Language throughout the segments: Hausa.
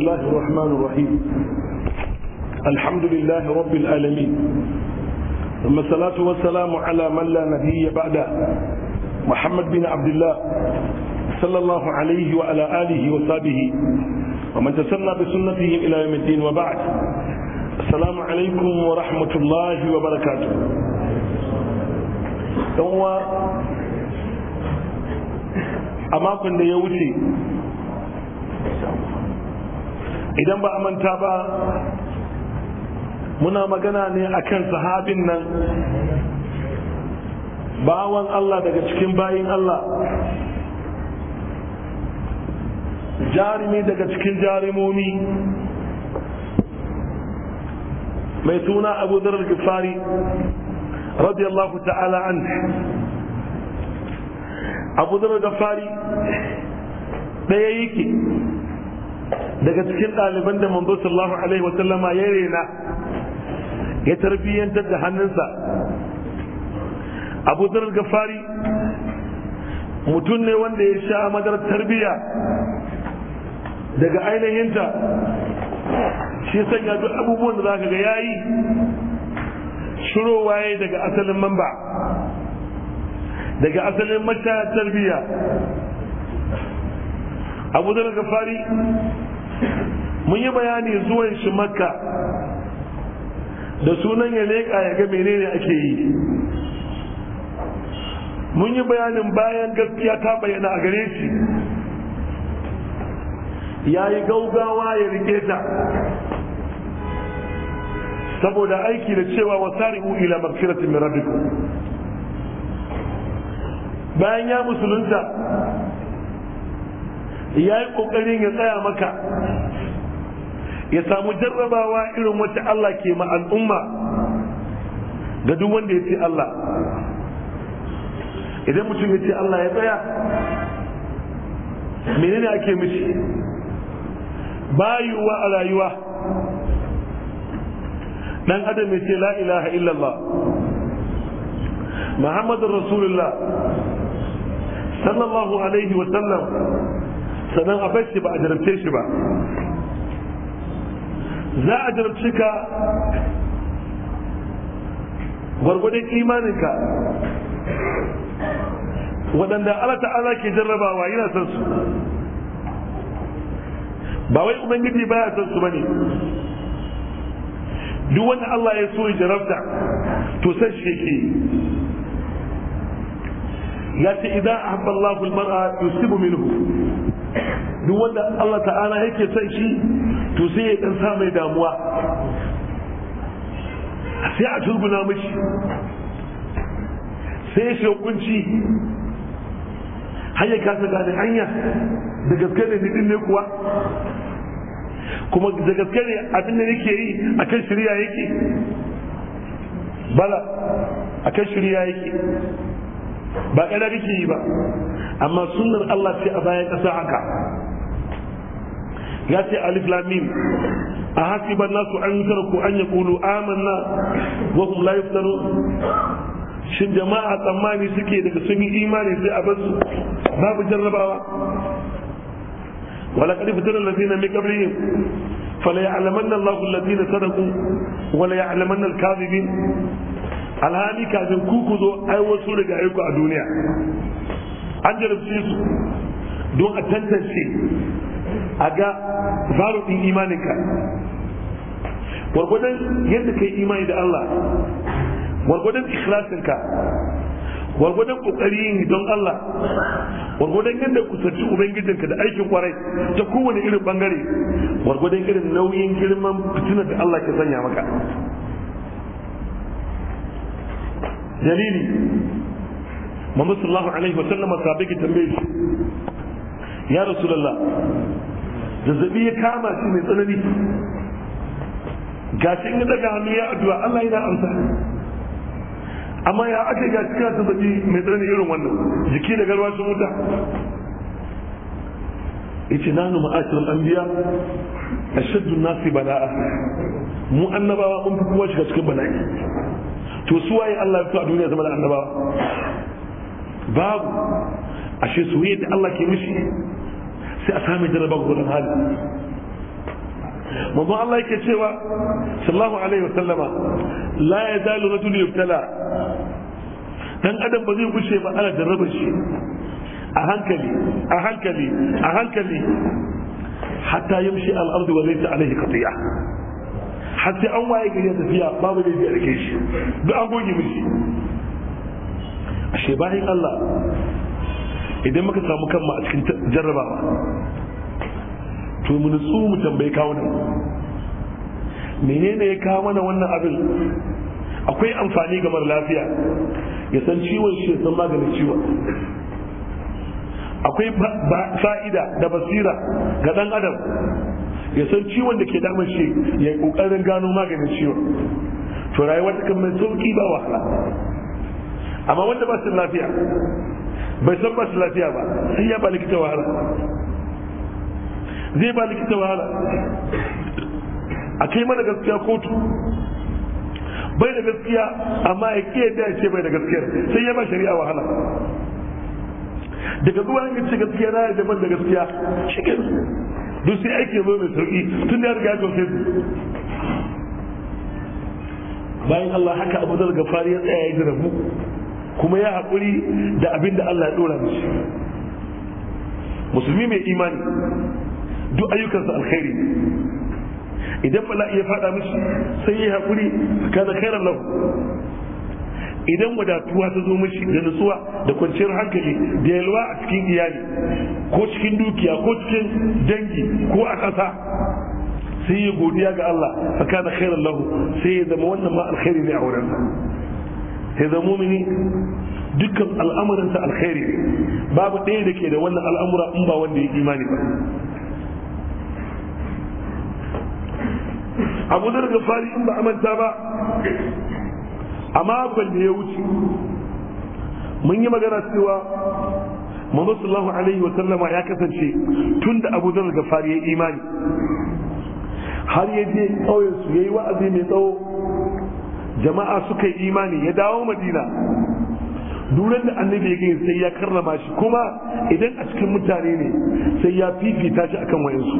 بسم الله الرحمن الرحيم الحمد لله رب العالمين ثم الصلاة والسلام على من لا نبي بعده محمد بن عبد الله صلى الله عليه وعلى آله وصحبه ومن تسنى بسنته إلى يوم الدين وبعد السلام عليكم ورحمة الله وبركاته أما كنت يوتي idan ba a manta ba muna magana ne a kan sahabin nan bawan Allah daga cikin bayin Allah jarumi daga cikin jarumomi mai suna abu zarar gifari radiyallahu ta'ala an abu zarar gifari ɗaya yake daga cikin ɗaliban da manzo sallallahu alaihi wa sallama ya rena ya tarbiyyantar da hannunsa abu zarar gafari mutum ne wanda ya sha madar tarbiyya daga ainihinta shi sanya duk abubuwan da za ka ga yayi shiro waye daga asalin mamba daga asalin mashaya tarbiyya abu zarar gafari mun yi bayani zuwan shi makka da sunan ya leƙa ya ga menene ake yi mun yi bayanin bayan gaskiya ta bayyana a gare shi ya yi gaugawa ya rike ta saboda aiki da cewa wasari'u ila magfiratin mirabiku bayan ya musulunta ya yi ƙoƙarin ya tsaya maka ya samu jarrabawa irin wacce Allah ke ma al'umma da duk wanda ya ce Allah idan mutum ya ce Allah ya tsaya menene ake mishi bayuwa a rayuwa dan adam ya ce la ilaha illallah muhammadun rasulullah sallallahu alaihi wasallam sannan a bai shi ba a jarabce shi ba za a jarabce ka gwargwadon imaninka waɗanda Allah ta'ala ke jarrabawa yana san su ba wai ubangiji ya san su ne. duk wanda Allah ya so ya jarabta to san shi yake ya ce idan ahabba Allahu mara yusibu minhu duk wanda Allah ta'ala yake son shi to sai ya dan sa mai damuwa sai a turbuna mishi sai ya shi kunci ya kasa gane hanya da gaske ne din ne kuwa kuma da gaske ne abin da yake yi a kan shirya yake bala a kan shirya yake ba ƙana kake yi ba amma sunnar Allah ce a bayan ƙasa haka ya ce alif lamim a hasiban nasu an ku an yaqulu amanna wa kuma la yuftanun shin jama'a tsammani suke daga sun yi imani sai a basu babu jarrabawa Wala da ولقد فتن الذين من قبلهم فليعلمن sadaku, الذين صدقوا وليعلمن الكاذبين alhali kafin ku ku zo ai wasu riga ku a duniya an jarabce su don a tantance a ga zarobin imaninka gwargwadon yadda ka yi imani da Allah gwargwadon ikhlasinka gwargwadon kokari don Allah gwargwadon yadda kusanci ubangijinka da aikin kwarai ta kowane irin bangare gwargwadon irin nauyin girman fitinar da Allah ke sanya maka dalili Muhammad sallallahu alaihi wa sallam sabai ki tambaye shi ya rasulullah zazzabi ya kama shi mai tsanani ga shi in daga hannu ya addu'a Allah yana amsa amma ya aka ga cikin zazzabi mai tsanani irin wannan jiki da garwa sun wuta yace nanu ma'asirul anbiya ashaddu nasi bala'a mu annabawa mun fi kowa shiga cikin bala'i to su waye Allah ya fito a duniya zama da annabawa babu ashe soyayya da Allah ke mishi sai a sami jaraba gurin hali manzo Allah yake cewa sallallahu alaihi wa wasallama la yazalu tuni yubtala dan adam ba zai gushe ba ana jarraba shi a hankali a hankali a hankali hatta yamshi al-ardu wa laysa alayhi qati'a har an waye gari tafiya babu da ya rike shi duk an goge mishi ashe bayan Allah idan muka samu kanmu a cikin jarrabawa to mu nutsu mu tambayi kawo nan menene ya kawo mana wannan abin akwai amfani ga mara lafiya ya san ciwon shi san maganin ciwon akwai fa'ida da basira ga dan adam ya san ciwon da ke damar shi ya yi kokarin gano maganin ciwon to rayuwa ta mai sauki ba wahala amma wanda ba su lafiya bai san ba su lafiya ba sai ya ba likita wahala zai ba likita wahala a kai mana gaskiya kotu bai da gaskiya amma ya ke da ce bai da gaskiya sai ya ba shari'a wahala daga zuwa yin ce gaskiya na ya daban da gaskiya cikin duk sai aiki zo mai sauki tun da ya riga ya kawo bayan Allah haka abu zar gafari ya tsaya ya jira mu kuma ya haƙuri da abin da Allah ya ɗora mishi musulmi mai imani duk ayyukansa alkhairi idan Bala iya faɗa mishi sai ya haƙuri kaza khairan lahu idan wadatuwa ta zo mishi da nutsuwa da kwanciyar hankali da yalwa a cikin iyali ko cikin dukiya ko cikin dangi ko a ƙasa sai ya godiya ga Allah fa kana khairan lahu sai ya zama wannan ma alkhairi ne a wurin sai zama mumini dukkan al'amuransa alkhairi babu ɗaya da ke da wannan al'amura in ba wanda ya imani ba abu da fari in ba amanta ba a makon da ya wuce mun yi magana cewa manzo sallallahu alaihi wa sallama ya kasance tunda da abu da fari ya imani har ya je ƙauyensu ya yi wa'azi mai tsawo jama'a suka yi imani ya dawo madina duran da annabi ya gani sai ya karrama shi kuma idan a cikin mutane ne sai ya fifita shi akan wayansu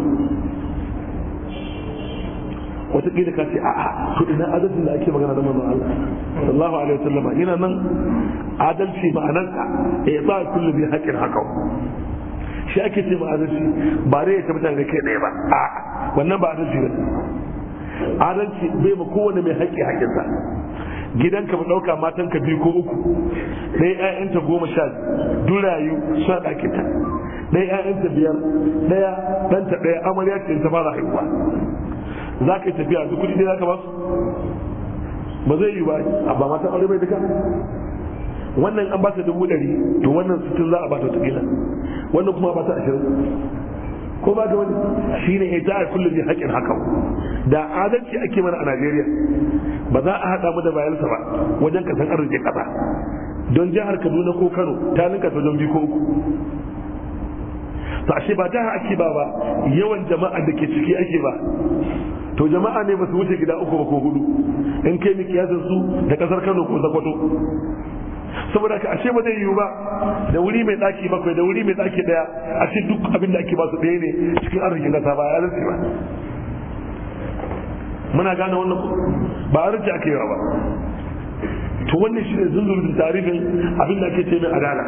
wataƙila ka ce a to ina adalcin da ake magana da manzon Allah sallallahu alaihi wasallam Ina nan adalci ka ya eh, ba kullu bi haqqin haqqo shi ake ce ma adalci ba dai ya tabbata ga kai ɗaya ba a'a wannan ba adalci ba adalci bai ma kowane mai haƙƙi haƙƙinsa gidanka mu ɗauka matanka biyu ko uku ɗaya ƴaƴanta goma sha durayu suna ɗakinta ɗaya ƴaƴanta biyar ɗaya ɗanta ɗaya amarya ce ta fara haihuwa za ka yi tafiya duk kuɗi ɗaya za ka ba su ba zai yi ba ba matan aure bai duka wannan an ba ta dubu ɗari to wannan sittin za a ba ta wata wannan kuma ba ta ashirin ko ba da wani shi ne ita a kullum ne haƙin haka da adalci ake mana a najeriya ba za a haɗa mu da bayansa ba wajen kasan arziki ƙasa don jihar kaduna ko kano ta ninka ta don biyu ko uku to ashe ba ta ake ba ba yawan jama'a da ke ciki ake ba to jama'a ne ba su wuce gida uku ba ko hudu in kai mi kiyasin su da ƙasar kano ko zakwato saboda ka ashe ba zai yiwu ba da wuri mai daki bakwai da wuri mai daki daya ce duk abin da ake ba su daya ne cikin arzikin kasa ba ya zai ba muna gane wannan ba arziki ake yawa ba to wannan shi ne zunzurutun tarihin abin da ake ce mai adala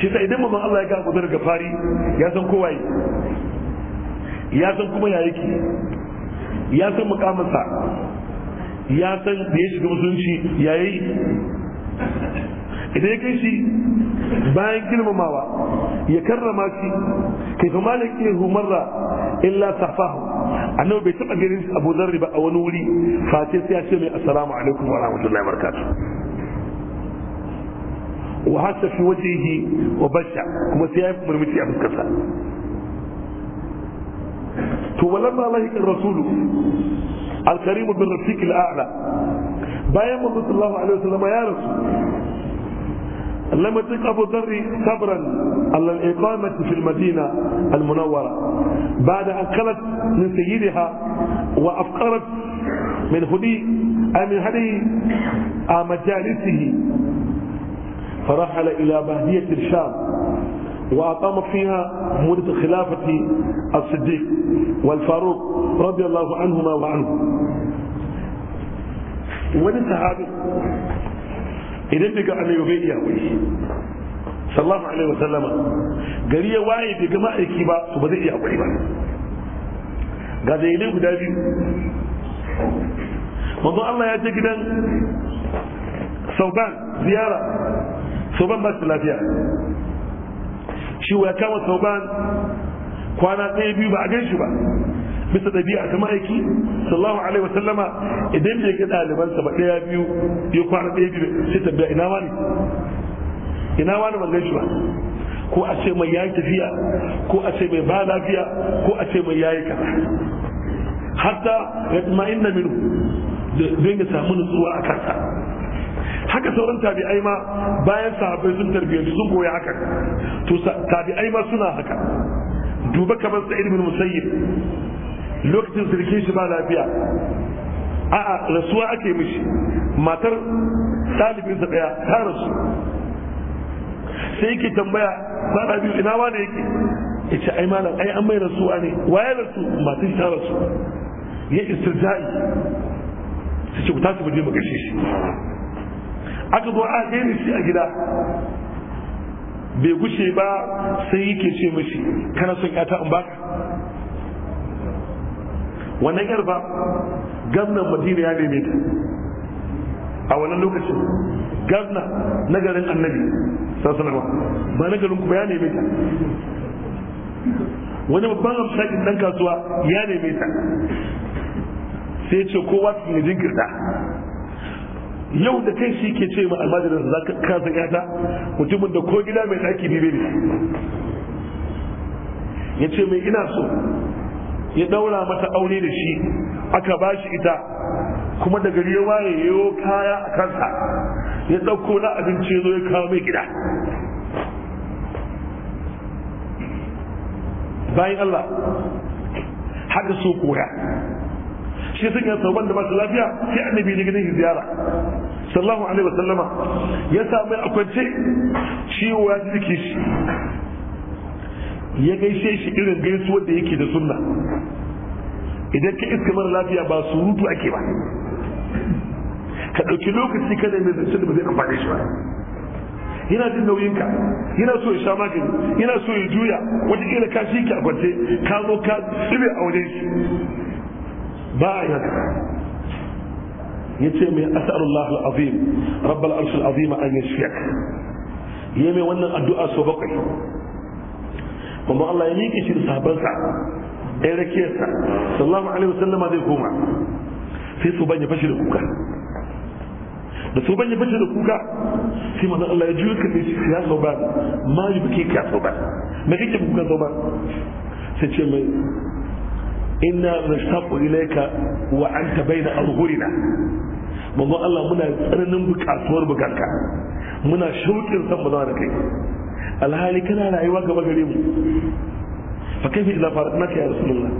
shi sa idan mamman Allah ya ga kudar fari ya san kowa yi ya san kuma ya yake ya san mukamansa ya san da ya shiga musulunci yi idan ya kai shi bayan girmamawa ya karrama shi kai fa malik ihu marra illa safahu annabi bai taba ganin Abu zarri ba a wani wuri face sai ya ce mai assalamu alaikum wa rahmatullahi wa barakatuh wa hatta fi wajhihi wa basha kuma sai ya murmushi a fuskarsa to walamma ya rasulu الكريم alkarimu رفيق الأعلى بايم الله صلى الله عليه وسلم يا رسول لم تلقى أبو ذر صبرا على الإقامة في المدينة المنورة بعد أن قلت من سيدها وأفقرت من هدي من هدي آه، مجالسه فرحل إلى بهدية الشام وأقام فيها مدة خلافة الصديق والفاروق رضي الله عنهما وعنه وللسهاب إذن بك أن يبيد يهوي صلى الله عليه وسلم قال لي واعي جماعة إكيبا تبدأ يا بان قال لي إليه دابي وضع الله يجيك دان ثوبان زيارة ثوبان بس ثلاثية ciwo ya kama sauban kwana ɗaya biyu ba a gan shi ba bisa ɗabi'a ta ma'aiki sallallahu alaihi wa sallama idan bai ga ɗalibansa ba ɗaya biyu ya kwana ɗaya biyu sai tambaya ina wani ina wani ban gan shi ba ko a ce mai yayi tafiya ko a ce mai ba lafiya ko a ce mai yayi kaza hatta ya tuma inna minhu don ya samu nutsuwa a kansa haka sauran tabi'ai ma bayan sahabbai sun tarbiyyantu sun goya haka to tabi'ai ma suna haka duba kamar sa'id bin musayyib lokacin sirke shi ba lafiya a'a rasuwa ake mishi matar sa daya ta rasu sai yake tambaya mara biyu ina wane yake ya ce ai malam ai an mai rasuwa ne waye rasu Matar ta rasu ya istirja'i su ce ku tashi mu je mu gashe shi aka zo a ni shi a gida bai gushe ba sai yake ce mashi kana son yata in baka wannan yar ba gamnan madina ya neme ta a wannan lokacin gwamna na garin annabi sassanarwa ba na garin kuma ya neme ta wani babban amshakin dan kasuwa ya neme ta sai ce kowa su ne jinkirta yau da kai shi ke ce ma almajirin za ka kasa yata mutumin da ko gida mai ɗaki bibe ne ya ce mai ina so ya ɗaura mata aure da shi aka ba shi ita kuma da gari ya yiwo kaya a kansa ya ɗauko na abinci ya zo ya kawo mai gida bayan Allah haka so koya shi sun yan sauban da masu lafiya sai annabi ne ganin shi ziyara sallahu alaihi wasallama ya samu a kwance ciwo ya jiki shi ya gaishe shi irin gaisuwar da yake da sunna idan ka iska mara lafiya ba surutu ake ba ka ɗauki lokaci kada mai zancen da ba zai amfane shi ba yana jin nauyinka yana so ya sha magani yana so ya juya wataƙila ka shi ke a kwance ka zo ka tsibe a wajen shi ba a yi ya ce mai asarullah al'azim rabbal arshil azim an yashfiyak ya mai wannan addu'a so bakwai kuma Allah ya miƙe shi da sabansa ɗaya rakiyarsa sallallahu alaihi wasallam zai koma sai su ban ya fashe da kuka da su ban ya fashe da kuka sai manzon Allah ya juyo ka sai ya ba ma yi buke ka ba me kake kuka ba sai ce mai inna nashtaqu ilayka wa anta bayna azhurina manzo Allah muna tsananin bukatuwar bugarka muna shauƙin san mu da kai alhali kana rayuwa gaba gare mu fa kaifa idza faratnaka ya rasulullah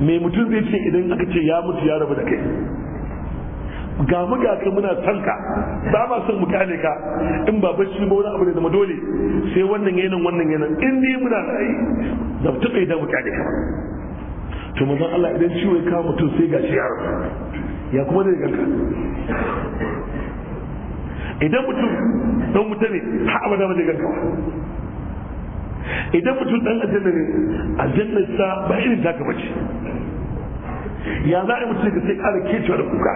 me mutum zai ce idan aka ce ya mutu ya rabu da kai ga mu ga kai muna son ka ba ma son mu kane ka in ba bacci ba wani abu ne zama dole sai wannan yanan wannan yanan in ni muna sai da tukai da mu kane ka to mazan Allah idan ciwo ya kama mutum sai ga shi ya rasu ya kuma zai ganka idan mutum don mutum ne har abada ba zai ganka idan mutum dan aljanna ne aljannar sa ba irin taka bace ya za a yi mutum ka sai kara kecewa da kuka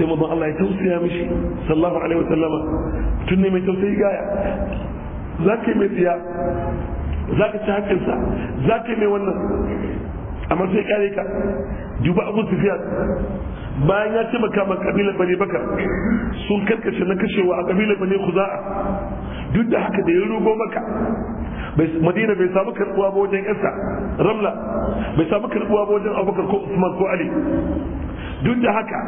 sai mazan Allah ya tausaya mishi sallallahu alaihi wasallama tun ne mai tausayi gaya za ka yi mai tsiya za ka ci hakkinsa za ka mai wannan amma sai kare ka duba abu sufiya bayan ya taimaka ma kabilar bane baka sun karkace na kashewa a kabilar bane za'a. duk da haka da ya rugo maka madina bai samu karbuwa ba wajen yarsa ramla bai samu karbuwa ba wajen abubakar ko usman ko ali duk da haka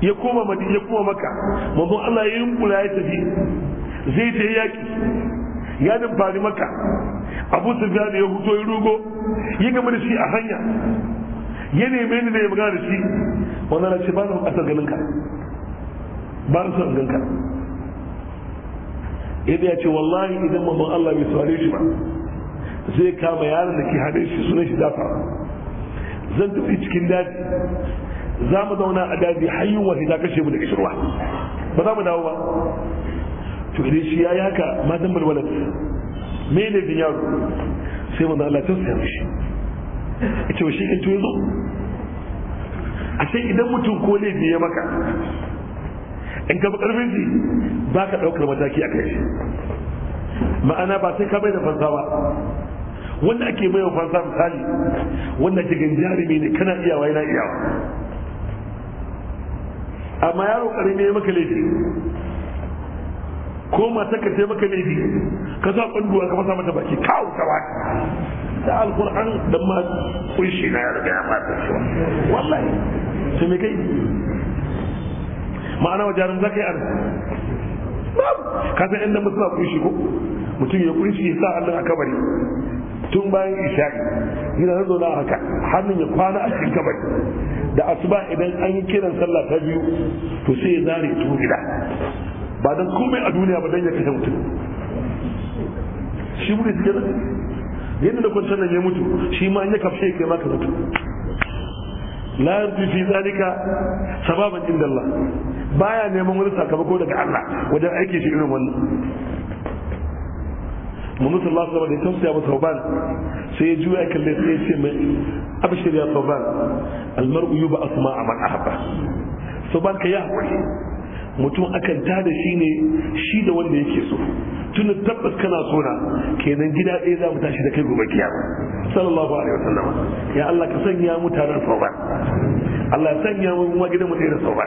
ya koma madina ya koma maka mamman allah ya yi ya tafi zai ta yaki ya fari maka abu da ya hutu ya rugo yi gama da shi a hanya ya neme ni da ya magana da shi wanda na ce ba su bukatar ganin ka ba su son ganin ka idan ya ce wallahi idan mamman Allah bai saurare shi ba zai kama yaron da ke haɗe shi sunan shi dafa zan tafi cikin daji za mu zauna a daji har yi wahi za kashe mu da kishirwa ba za mu dawo ba to idan shi ya yaka matan balwalar me ne din yaro sai manzo Allah ta sayar shi ita shi kan tuyo a sai idan mutum ko ne biye maka in ka karfin shi ba ka daukar mataki a kai shi ma'ana ba sai ka bai da fansawa wanda ake mai wa fansa misali wanda ke jarumi ne kana iyawa yana iyawa amma yaro karimi ya maka laifi ko mata ka sai maka laifi ka sa kwanduwa ka fasa mata baki kawo ta baki da alkur'an da ma kunshi na ya ya fata cewa wallahi sai me kai ma'ana wajen za ka yi arziki ka san inda mutum kunshi ko mutum ya kunshi ya sa hannun a kabari tun bayan isha'i yana na zauna haka hannun ya kwana a cikin kabari da asuba idan an yi kiran sallah ta biyu to sai ya zare tuwo gida ba don komai a duniya ba don ya kashe mutum shi mutu suke nan yadda da kwanciyar nan ya mutu shi ma ya kafshe kai maka mutu la yarji fi zalika sababan inda Allah baya neman wani sakamako daga Allah wajen aiki shi irin wannan Mun sallallahu alaihi wasallam da tausaya wa Tauban sai ya juya kalle sai ya ce mai abshir ya Tauban al-mar'u a ma'a man ahabba Tauban ka ya hakuri mutum akan da shi ne shi da wanda yake so tun tabbas kana sona kenan gida ɗaya za mu tashi da kai gobe kiyama sallallahu alaihi wasallam ya Allah ka sanya mu da sauba Allah ya sanya mu kuma gidan mu da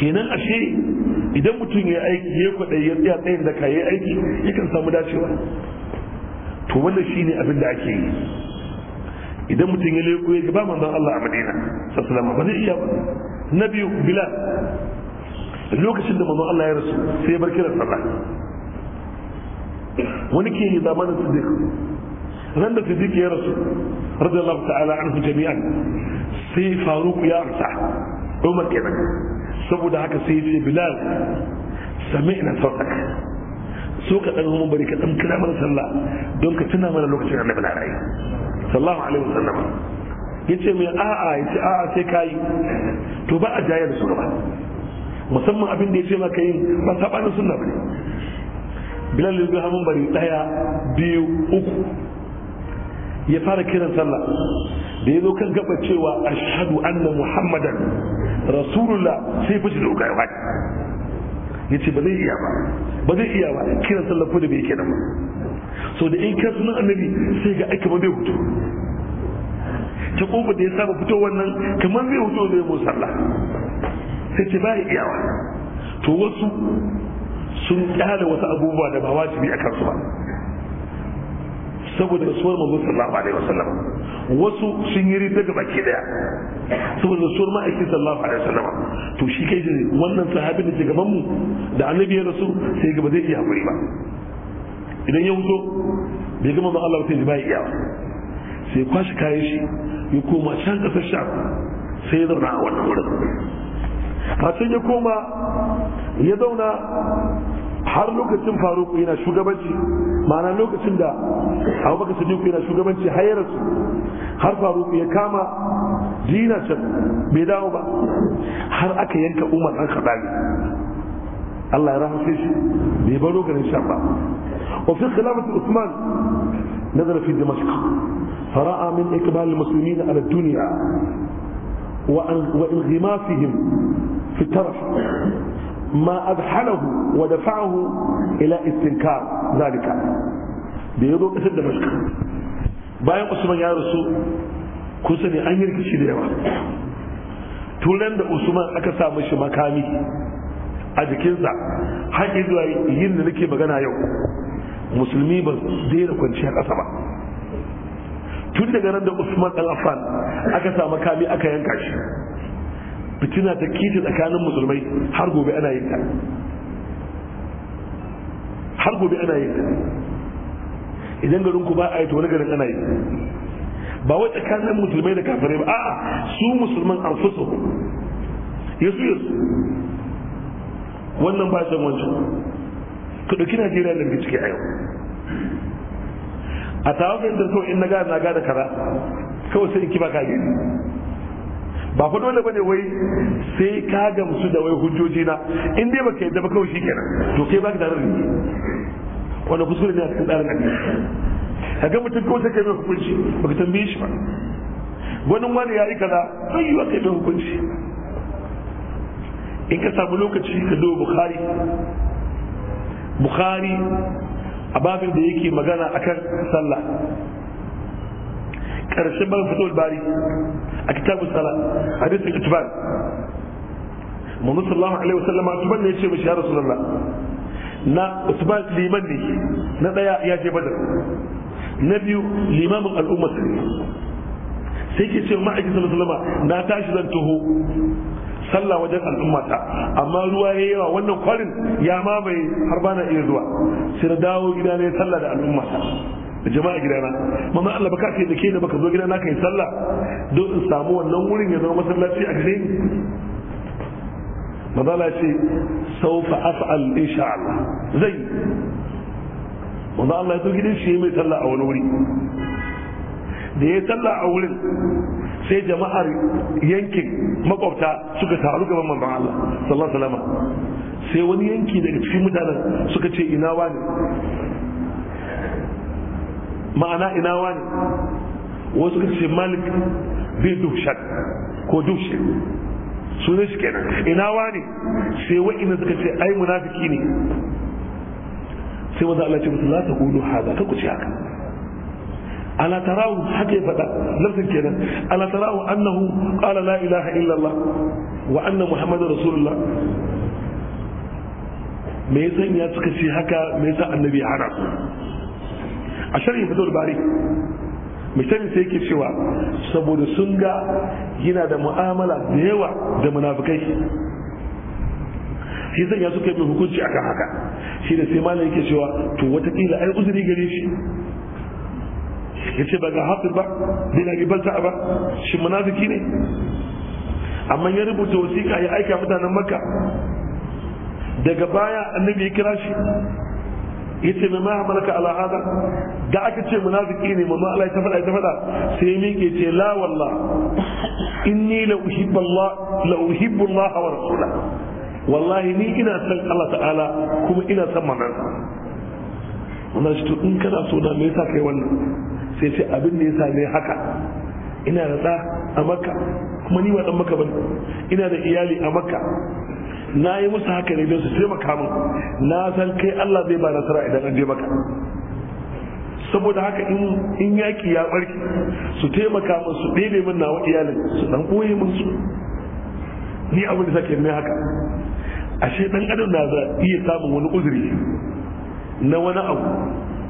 kenan ashe idan mutum ya aiki ya kwaɗa ya tsaya tsayin da kai aiki yakan samu dacewa to wannan shine abin da ake yi idan mutum ya leko ya ba manzon Allah a Madina sallallahu ba zai iya ba na biyu Bilal lokacin da manzon Allah ya rasu sai ya bar kiran sallah wani ke yi zamanin Siddiq ran da Siddiq ya rasu radiyallahu ta'ala anhu jami'an sai Faruq ya amsa Umar kenan saboda haka sai ce Bilal sami'na sautak so ka dan mun bari ka dan kira mana sallah don ka tuna mana lokacin annabi na rayu sallallahu alaihi wasallam yace mai a'a yace a'a sai kai to ba a jayar su ba musamman abin da yace maka yin ba sabanin sunna bane bilal ibn hamun bari daya biyu uku ya fara kiran sallah da ya zo kan gaba cewa ashhadu anna muhammadan rasulullah sai fushi da ukai ya ce ba zai iya ba ba zai iya ba kiran sallah ko da bai kenan ba so da in ka sunan annabi sai ga aiki ma bai hutu ta kofa da ya saba fito wannan kamar bai hutu ya mu Allah, sai ce bai iyawa to wasu sun kyale wasu abubuwa da ba wajibi a kansu ba saboda rasuwar manzo sallallahu alaihi wasallam wasu sun yi ga baki daya saboda suwar ma'aiki sallallahu alaihi wasallam to shi kai wannan sahabi da ke gaban mu da annabi ya rasu sai gaba zai iya hakuri ba idan ya wuto bai gama ma Allah sai bai iya sai kwashi kayan shi ya koma can kasar sha sai ya zauna a wannan wurin a can ya koma ya zauna har lokacin ku yana shugabanci ma'ana lokacin da abubakar sadiq yana shugabanci hayararsu har faruk ya kama dina can bai dawo ba har aka yanka umar an kaɗa Allah ya rahashe shi bai baro garin sham ba wa fi khilafati Uthman nazara fi Dimashq fara'a min iqbal wa في الترف ما أدحله ودفعه إلى استنكار ذلك بيضو قصر دمشق bayan usman ya rasu kun sani an yi rikici da yawa tunan da usman aka samu shi makami a jikinsa har zuwa yin da nake magana yau musulmi ba daina kwanciya ƙasa ba tun daga nan da usman al'afan affan aka samu kami aka yanka shi fitina ta kiti tsakanin musulmai har gobe ana yin ta har gobe ana yin ta idan garin ku ba a yi to wani garin ana yi ba wai tsakanin musulmai da kafirai ba a'a su musulman fuso yasu yasu wannan ba san wancan ka ɗauki najeriya da ke ciki a yau a tawafin da so in na gane na gane kara kawai sai in kiba ka gani ba ku dole bane wai sai ka gamsu da wai hujjoji na in dai baka yadda ba kawai shikenan to kai baka da rabi wanda kuskure ne a cikin tsarin addini ga mutum kawai sai kai mai hukunci baka tambaye shi ba gwanin wani ya kaza sai yi wa kai ta hukunci in ka samu lokaci ka duba bukhari bukhari a babin da yake magana akan sallah karshen babin fito bari a kitabun a hadisin itban manzo sallallahu alaihi wasallama tuban ne yace mishi ya rasulullah na utban liman ne na daya ya je badar na biyu limamin al'umma sai ke ce ma'aikin musulma na tashi zan taho sallah wajen al'umma ta amma ruwa ya yawa wannan kwarin ya mamaye har bana iya zuwa sai na dawo gida ne sallah da al'umma ta jama'a gidana mama Allah baka ce da ke da baka zo gidana kai sallah don in samu wannan wurin ya zama masallaci a gare ni mazala ce saufa af'al insha Allah zai wanda Allah ya zo gidan shi mai sallah a wani wuri da ya sallah a wurin sai jama'ar yankin makwabta suka taru gaban manzon Allah sallallahu alaihi wasallam sai wani yanki daga cikin mutanen suka ce ina wani ma'ana ina wani wasu suka ce malik bai shak ko dushe sunan shi kenan ina wani sai wa'ina suka ce ai munafiki ne sai wanda Allah ce musu la taqulu haza ka ku ce haka ala tarawu haka ya faɗa lafsin kenan ala tarawu annahu qala la ilaha illallah wa anna muhammadar rasulullah me ya sanya suka ce haka me yasa annabi ya hana a sharhi fatul bari misali sai yake cewa saboda sun ga yana da mu'amala da yawa da munafikai shi ya suka yi hukunci akan haka shi da sai malam yake cewa to watakila ai uzuri gare shi yace ba ga hafiz ba bin abi balta ba shi munafiki ne amma ya rubuta wasiƙa ya aika mutanen makka daga baya annabi ya kira shi yace mai ma malaka ala hada da aka ce munafiki ne mamma Allah ya ta faɗa ya ta faɗa sai ya miƙe ce la wallah inni la uhibbu Allah la uhibbu Allah wa rasula wallahi ni ina san Allah ta'ala kuma ina san manzon wannan shi to in kana so da me yasa kai wannan sai ce abin da ya same haka ina da ɗa a makka kuma ni ba ɗan makka bane ina da iyali a makka na yi musu haka ne don su taimaka min na san kai Allah zai ba nasara idan an je maka saboda haka in yaki ya barki su taimaka min su ɗebe min nawa iyalin su dan koye min su ni abin da sake mai haka ashe dan adam na za iya samun wani uzuri na wani abu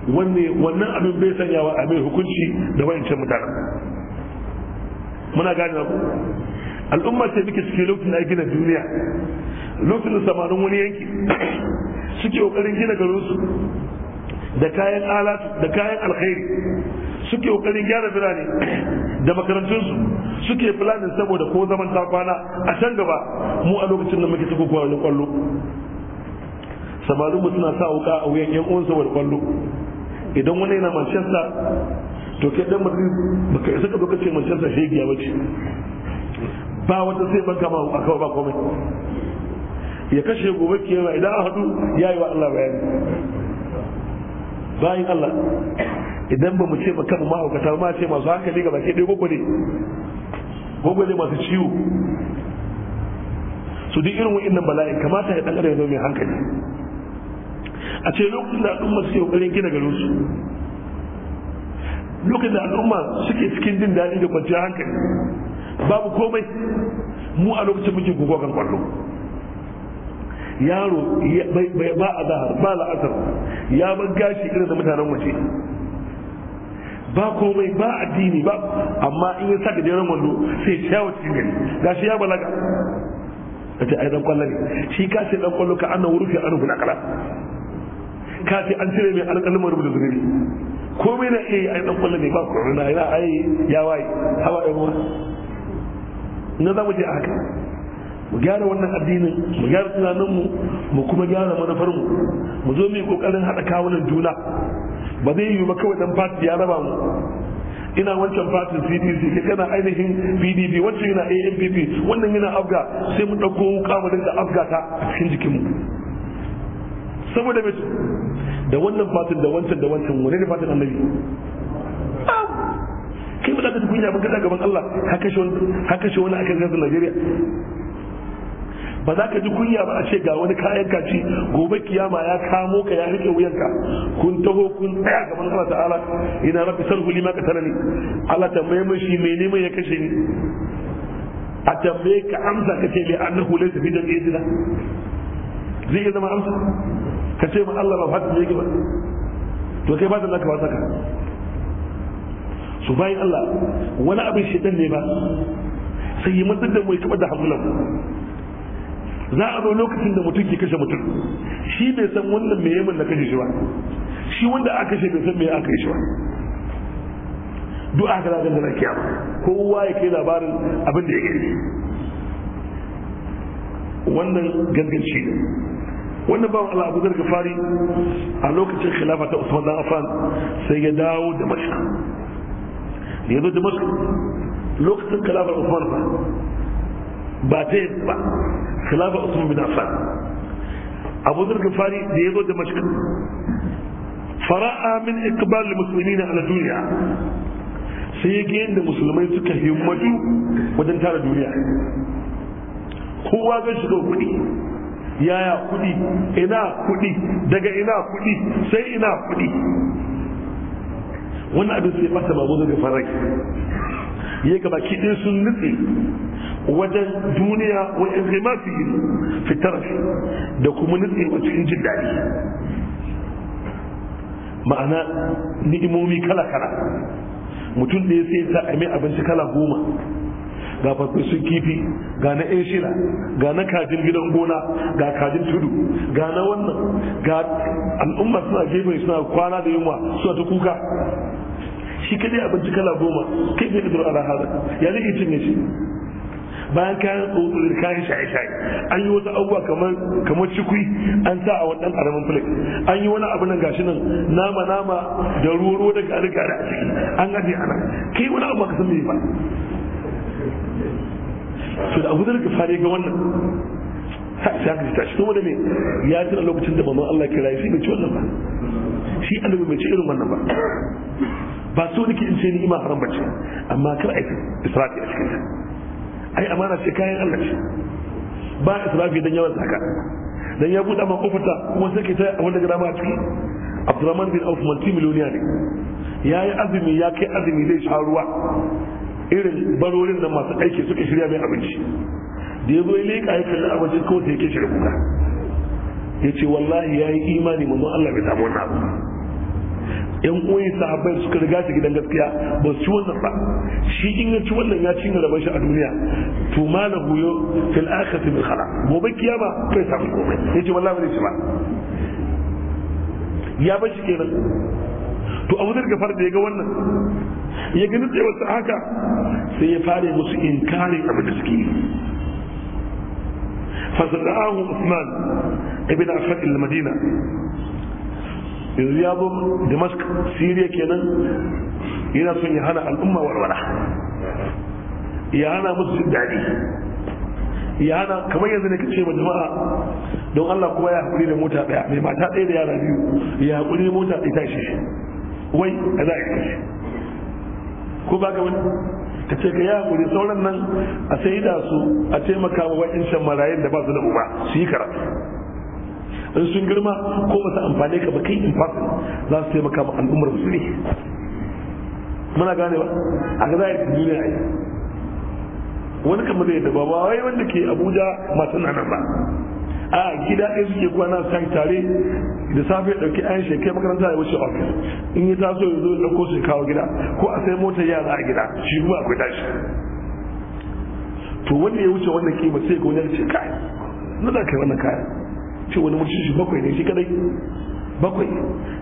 Wanne wannan abin bai sanyawa a mai hukunci da wayancan mutanen muna gane ku al'umma ce muke cikin lokacin da gina duniya lokacin da samanin wani yanki suke kokarin gina garinsu da kayan alatu da kayan alkhairi suke kokarin gyara birane da makarantunsu suke planin saboda ko zaman ta kwana a can gaba mu a lokacin da muke tukukuwa wajen kwallo samarin mu suna sa wuka a wuyan yan uwansa wani kwallo idan wani yana manchester to ke dan madrid baka isa ka ce manchester giya bace ba wata sai ban kama a kawai ba komai ya kashe gobe kewa idan an haɗu ya yi wa allah bayani bayan allah idan ba mu ce ba kan ma'aukata ma ce masu hankali ga baki ɗaya gwagwade gwagwade masu ciwo su duk irin wa'in nan bala'i kamata ya ɗan adam ya mai hankali a ce lokacin da al'umma suke kokarin gina garin su lokacin da al'umma suke cikin jin daɗi da kwanciyar hankali babu komai mu a lokacin muke kan kwallo yaro bai ba a zahar ba la'asar ya ban gashi irin da mutanen waje ba komai ba addini ba amma in ya saka jeren wando sai shawo cikin gari gashi ya balaga ce ai dan kwallo ne shi ka ce dan kwallo ka annan wurufi anu guda akala kafi an cire mai alƙalmar rubuta zunubi mai na iya yi ɗan ƙwallo ne ba corona yana ai ya waye hawa ɗan uwa na za mu je a haka mu gyara wannan addinin mu gyara tunaninmu mu kuma gyara manufarmu mu zo mu yi haɗa kawunan juna ba zai yi ba kawai dan fati ya raba mu ina wancan fatin cdc ke kana ainihin pdp wancan yana ampp wannan yana afga sai mu ɗauko kamarin da afga ta a cikin jikinmu saboda mai da wannan fatin da wancan da wancan wane ne fatin annabi kai ba za ka tukunya ba kada gaban Allah haka shi wani akan gazin Najeriya ba za ka ji kunya ba a ce ga wani kayan kaci gobe kiyama ya kamo ka ya rike wuyanka kun taho kun tsaya gaban Allah ta'ala ina rabbi sarhu lima ka tarani Allah tambaye mai shi me neman ya kashe ni a tambaye ka amsa ka ce li annahu laysa fi dami zai zama amsa ka ce ma Allah ba fatin yake ba to kai ba da naka ba saka su bayin Allah wani abin shedan ne ba sai yi matsar da mai kaba da hankulan za a zo lokacin da mutum ke kashe mutum shi bai san wannan me yamin na kashe shi ba shi wanda aka kashe bai san me aka shi ba du'a ga zaga da rakiya kowa ya kai labarin abin da ya gani wannan ganganci ne wannan ba Allah Abu Zarga Fari a lokacin khilafa ta Usman dan Affan sai ya dawo da Damask ya zo Damask lokacin khilafar Usman ba ba ta yi ba khilafa Usman bin Affan Abu Zarga Fari da ya zo Damask fara'a min ikbal muslimina ala duniya sai ya ga yadda musulmai suka himmatu wajen tara duniya kowa zai shiga kuɗi yaya kuɗi ina kuɗi daga ina kuɗi sai ina kuɗi wannan abin sai bata babu daga farai ya gaba kiɗin sun nutse wajen duniya wa inzimafi fitar da kuma a cikin jin daɗi ma'ana ni'imomi kala-kala mutum ɗaya sai ta mai abinci kala goma ga farfesun kifi ga na yan shila ga na kajin gidan gona ga kajin tudu ga na wannan ga al'umma suna gefe suna kwana da yunwa suna ta kuka shi kadai abinci kala goma kai zai kadar ala hada ya zai cinye shi bayan kayan tsotsotsi kayan shaye-shaye an yi wata abubuwa kamar cikui an sa a wannan karamin plate an yi wani abu nan gashi nan nama nama da ruwa ruwa da gari gari a ciki an gaje ana kai wani abu ka san me ba So da abu zar fare ga wannan sai aka ji tashi saboda ne ya tuna lokacin da manzon Allah kira shi bai ci wannan ba shi annabi bai ci irin wannan ba ba so nake in ce ni ima haram bace amma kar a israfi a cikin ai amana ce kayan Allah ce ba israfi dan yawan zaka dan ya buɗa ma ta kuma sai ke ta wanda ga dama a ciki Abdurrahman bin Auf multi miliyoniya ne yayi azumi ya kai azumi zai sha ruwa irin barorin da masu aiki suka shirya mai abinci da ya zo ya leƙa ya kalli abincin kawai sai yake shirya kuka ya ce wallahi ya yi imani mazan Allah bai samu wannan abu yan uwan sahabbai suka riga shi gidan gaskiya ba su ci wannan ba shi in ya ci wannan ya cinye gaba shi a duniya to ma na huyo fil akhirati bil khala gobe kiyama kai samu komai Ya ce wallahi bai ci ba ya bar shi kenan to Abu Dhar Gafar da ya ga wannan ya gani tsayawarsa haka sai ya fare musu kare abin da suke fasarra'ahu usman ibn affan il madina yanzu ya zo damask siriya kenan yana son ya hana al'umma warwara ya hana musu jin daɗi ya hana kamar yanzu ne kace ma jama'a don Allah kuma ya haƙuri da mota ɗaya mai mata ɗaya da yara biyu ya hakuri mota ɗaya tashi wai a za a yi ko ba ga wani ka ce ka yi hakuri sauran nan a sai da su a taimaka wa shan marayun da ba su da uba su yi karatu in sun girma ko ba su amfani ka ba kai in fasa za su taimaka ma al'ummar musulmi muna gane ba a ga zai duniya ai wani kamar da ba wai wanda ke abuja masu nanar ba a gida ɗaya suke kwana kan tare da safe ya ɗauki ayan shekai makaranta ya wuce ofis in ya taso ya zo ya ɗauko su kawo gida ko a sai motar yara a gida shi kuma akwai tashi to wanda ya wuce wannan kima sai ga wani ce kai na da kai wannan kayan ce wani mutum shi bakwai ne shi kadai bakwai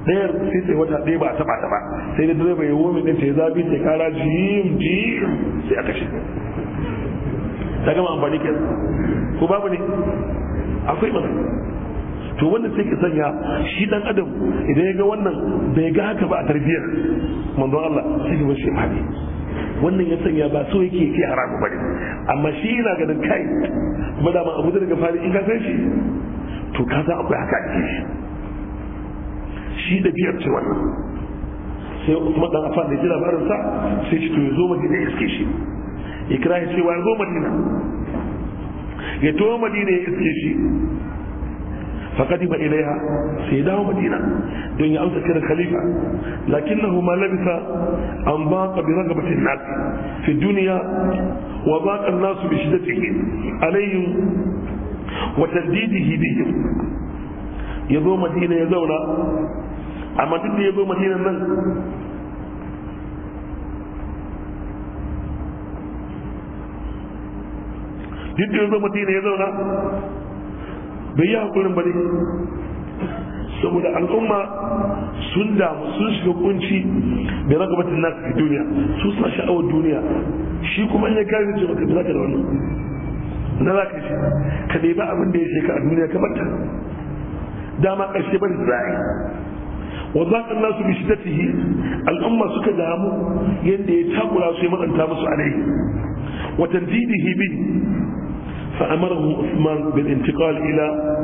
ɗayar sai sai wata ɗaya ba a taɓa ta sai da direba ya womi ɗin ta ya zabi ta kara jim jim sai aka shi ta gama amfani kenan ko babu ne akwai matsala to wannan sai ka sanya shi dan adam idan ya ga wannan bai ga haka ba a tarbiyyar manzon Allah sai ga shi hali wannan ya sanya ba so yake ke haramu bane amma shi yana ganin kai kuma da abu da daga fari in ka san shi to ka san akwai haka a shi shi da biyar ce wannan sai kuma dan afan da ji labarin sa sai shi to ya zo madina iske shi ikra ya wa zo madina ya toro madina ya iske shi fakadima ilaiha sai dawo madina don ya amsa kira khalifa lakin na huma labisa an ba ka bi ragabatin na fi duniya wa ba ka nasu bi shida cikin alayhi wa tardidi hidiyin ya zo madina ya zauna amma duk da ya zo madina nan duk da yanzu madina ya zauna bai yi hakurin ba ne saboda al'umma sun damu sun shiga kunci bai raka batin nasu a duniya su sa sha'awar duniya shi kuma in ya kare ce baka zaka da wannan na za ka shi ka dai ba abin da ya sheka a duniya ka ta dama ƙarshe da zai wa za ka nasu bi yi al'umma suka damu yadda ya takura su ya matsanta musu a ne. wa tandidihi hibin فأمره عثمان بالانتقال إلى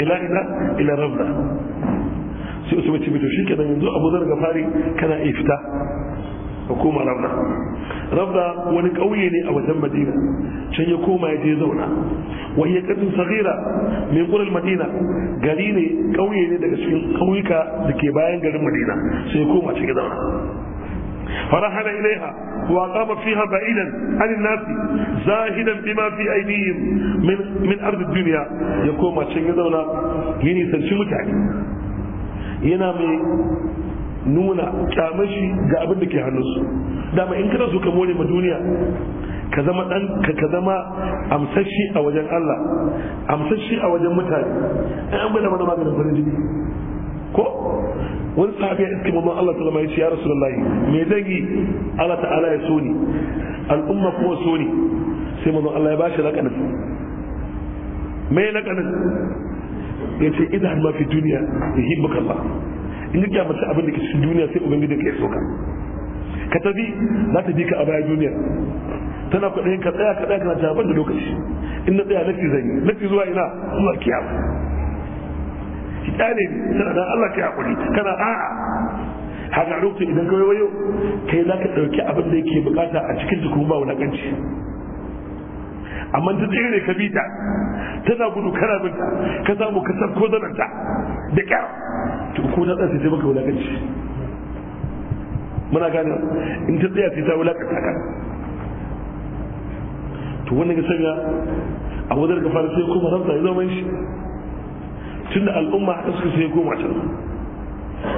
إلى إلى إلى ربلة sai usman ce mito nan yanzu abu zar gafari kana iya fita ka rabda rabda wani ƙauye ne a wajen madina can ya koma ya je zauna wani ya kasin sagira mai ƙurar madina gari ne ƙauye ne daga cikin ƙauyuka da ke bayan garin madina sai ya koma cikin zauna farahana ilaiha وأقام فيها بعيدا عن الناس زاهدا بما في أيديهم من من أرض الدنيا يقوم أتشنجد ولا يني سنشي yana mai nuna kyamashi ga abin da ke hannunsu dama in kana so ka more ma duniya ka zama dan ka zama amsashi a wajen Allah amsashi a wajen mutane ai an bada mana maganin farin ko wani sahabi ya iske mamman Allah sallama ya ce ya rasulullahi me zan Allah ta'ala ya so ni al'umma kuma so ni sai mamman Allah ya bashi lakanin me lakanin ya ce idan ma fi duniya ya hibbuka Allah in ka kyamata abin da ke cikin duniya sai ubangiji ka ya soka ka tafi za ta bi ka a baya duniya tana kwaɗayin ka tsaya ka tsaya kana jaban da lokaci in na tsaya nafi zan yi nafi zuwa ina zuwa kiyama kyale ne tana dan Allah kai hakuri kana a'a haka lokacin idan kai wayo kai za ka dauki abin da yake bukata a cikin jikin ba wulakanci amma ta tsere ka bita tana gudu kana binta ka samu ka sarko zananta da kyar to ko na ɗan sai maka wulakanci muna gane in ta tsaya sai ta wulakanta ka to wannan ga sanya a wajen ka fara sai kuma ranta ya zama shi tunda al'umma haka suka sai goma can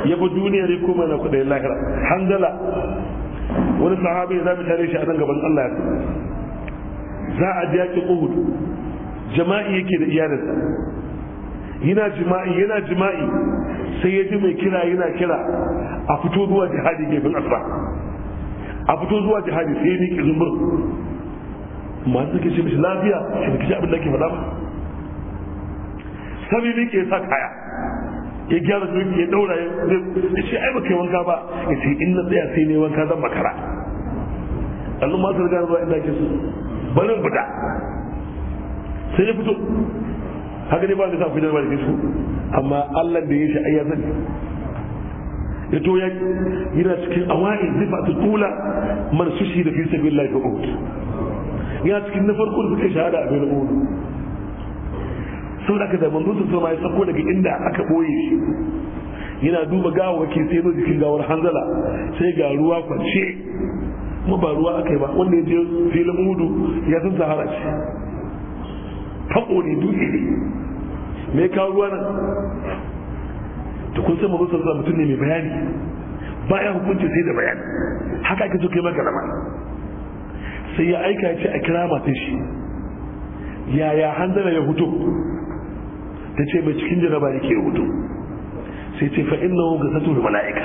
ya bi duniya ne koma na kuɗin lahira hanzala wani sahabi ya mu tare shi a nan gaban Allah ya za a jaƙi Uhud jama'i yake da iyalinsa yana jima'i yana jima'i sai ya ji mai kira yana kira a fito zuwa jihadi gefen asra a fito zuwa jihadi sai ya miƙe zumbur masu suke ce mishi lafiya shi abin da ke faɗa ba sami min ke sa kaya ya gyara su ya daura ya ce ai baka yi wanka ba ya ce in na tsaya sai ne wanka zan makara allon masu riga zuwa inda ke su barin fita sai ya fito haka ne ba da sa fitar ba da su amma allah da ya shi ai ya sani ya to ya yana cikin awa'in zifa ta tula sushi da fi sabi lafi ya yana cikin na farko da suka shahada a bai na sau da aka da zuwa su ma ya sako daga inda aka boye shi yana duba ke sai zo jikin gawar hanzala sai ga ruwa kwance kuma ba ruwa aka yi ba wanda ya je filin mudu ya san sahara ce fako ne dutse ne me kawo ruwa nan to kun san manzo sallallahu mutum ne mai bayani baya hukunci sai da bayani haka ake so kai maka zama sai ya aika ya ce a kira matashi. shi yaya hanzala ya hutu? ta ce mai cikin jaraba ke hutu sai ce fa'in na wuga sa tura mala'ika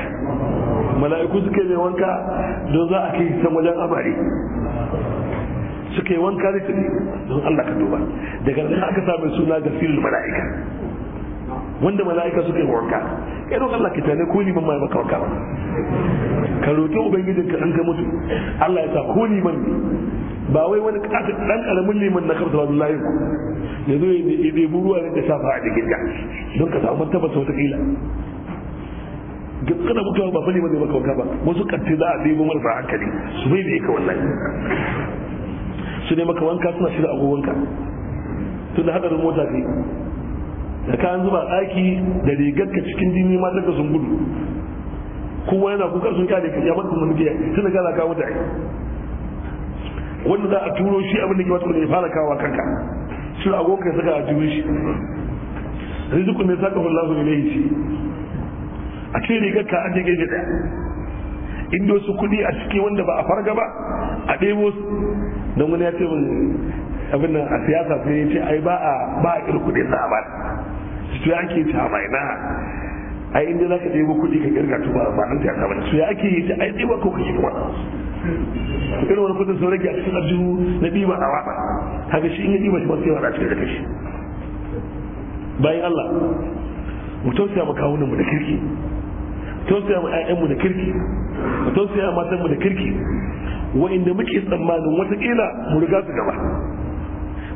mala'iku suka yi wanka don za a kai san wajen amari suka yi wanka da tuni don Allah ka duba daga nan aka samu suna ga filin mala'ika wanda mala'ika suka yi wanka kai don Allah ka tane ko liman ma ya maka wanka ka roƙi ubangijinka an dan ka mutu Allah ya sa ko liman ne ba wai wani katin dan karamin liman na kamsa wallahi ya zo ya ɗebi ruwa ne da shafa a jikin ka don ka samu martaba sau ta kila gaskana mutuwa ba fali ba maka wata ba wasu katti za a ɗebo marasa hankali su bai da ka wallahi su ne maka wanka suna shirya agogonka tun da hadarin mota ne da ka zuba ɗaki da rigar ka cikin jini ma daga sun gudu kuma yana kuka sun kyale ka ya mutum muke suna gaza ka mutane wanda za a turo shi abin da ke wata ya fara kawo kanka shi a goka ya saka a turo shi rizikun ne saka lafi ne shi a ce rigar ka an je gefe daya in su a ciki wanda ba a farga ba a ɗebo su don wani ya ce min abin nan a siyasa sai ya ce ai ba a ba a kirkuɗe sa ba su ya ake ta mai na ai inda za ka ɗebo kudi ka kirga tuba ba nan ta ba su ya ake yi ta ai ɗebo ko ka yi kuma irin wani kudin sau rage a cikin aljihu na ɗiba a wata haka shi in yi ɗiba shi ba sai a cikin da kashi bayan Allah mu tausaya mu kawunan mu da kirki mu tausaya mu ƴaƴan mu da kirki mu tausaya matan mu da kirki wa'inda muke tsammanin watakila mu riga su gaba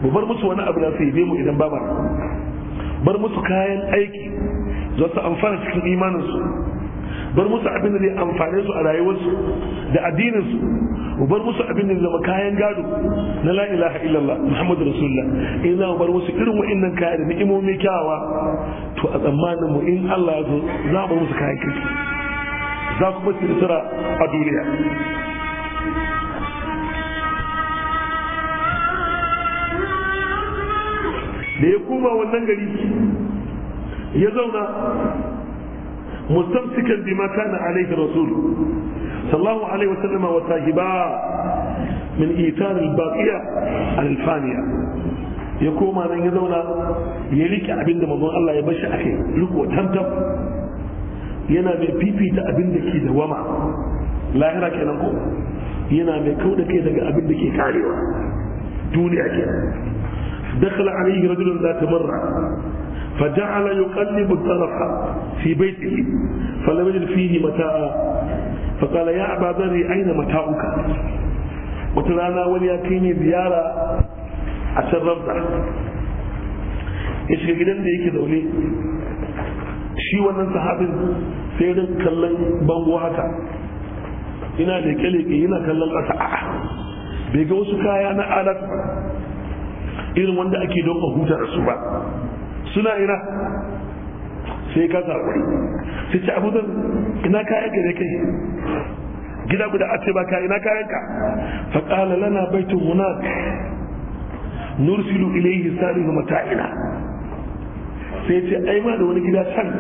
mu bar musu wani abu da su yi mu idan ba bar musu kayan aiki za su amfana cikin imaninsu bar musu abin da zai amfane su a rayuwarsu da addininsu mu bar musu abin da zai zama kayan gado na la ilaha illallah muhammadu rasulullah in za mu bar musu irin wa'annan kaya da ni'imomi kyawawa to a tsammanin mu in Allah ya so za mu bar musu kayan kirki za ku bace nasara a duniya da ya koma wannan gari ya zauna مستمسكا بما كان عليه الرسول صلى الله عليه وسلم وصاحباه من إيثار الباقية عن الفانية ya koma nan ya zauna ya rike abin da manzon Allah ya bashi a kai riko tamtam yana mai fifita abin da ke dawama lahira kenan ko yana mai kauda kai daga abin da ke karewa duniya ke dakhala alayhi rajulun zata marra فجعل يقلب الطرف في بيته فلم يجد فيه متاعا فقال يا أبا ذر أين متاعك وترانا وليكيني زيارة عشان ربنا ايش gidan da yake zaune shi wannan sahabin sai da kallon bango haka ina da leke yana kallon ƙasa a'a bai ga wasu kaya na alat irin wanda ake huta hutar su ba suna ina sai ka zaɓuri sai ce abu zan ina kayan gare ne kai gida guda a ce baka ina kayan ka fa qala lana baitun hunak nursilu sari ga mata'ina sai ce ai ma da wani gida can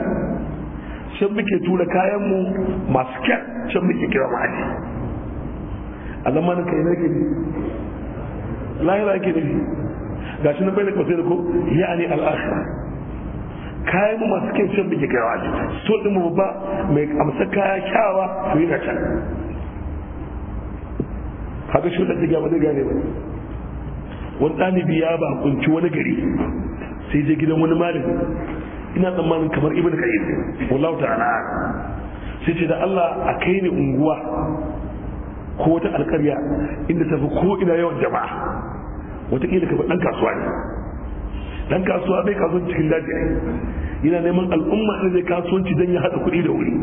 can muke tura kayanmu masu kyan can muke kira ma'aji a zamanin kai na lahira ke nufi gashi bai bayyana kwasai da ko ne al'akhirah kayan mu masu kyan shan bige gawa ne so ɗin mu ba mai amsa kaya kyawa yi na can haka shi wadanda gaba wani gane ba wani ɗalibi ya ba kunci wani gari sai je gidan wani malami ina tsammanin kamar ibn kayyid wallahu ta'ala sai ce da Allah a kai ni unguwa ko wata alƙarya inda tafi ko ina yawan jama'a wataƙila ka ɗan kasuwa ne dan kasuwa bai kasuwanci cikin daji ne yana neman al'umma ne zai kasuwanci don ya haɗa kuɗi da wuri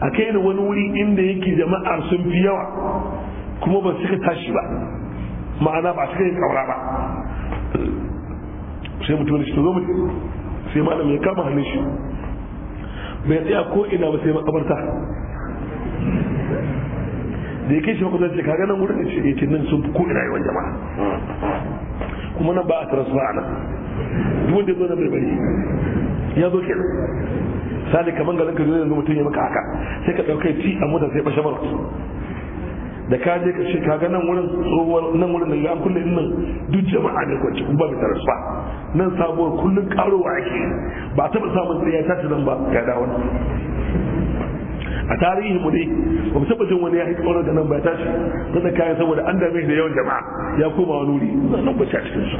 a kai da wani wuri inda yake jama'ar sun fi yawa kuma ba suka tashi ba ma'ana ba suka yi ƙaura ba sai mutum ne shi to zo mu sai malam ya kama hannun shi bai tsaya ko ina ba sai makabarta da ya kai shi makwabta ce kaga nan wurin ce yake nan sun fi ko ina yawan jama'a kuma nan ba a transfer a nan duk wanda ya zo na barbari ya zo ke sani kamar galin ka yanzu mutum ya maka haka sai ka ɗaukai ci a mota sai bashe mara da ka je ka ce kaga nan wurin tsohuwar nan wurin da an kulle nan duk jama'a ne kwanci kuma bai mai tarasfa nan sabuwar kullum karowa ake ba a taɓa samun tsaye ta ci nan ba ga dawon a tarihi mu dai ba mu taba jin wani ya yi kaunar da nan ba ya tashi sannan kayan saboda an dame shi da yawan jama'a ya koma wani wuri nan ba a cikin su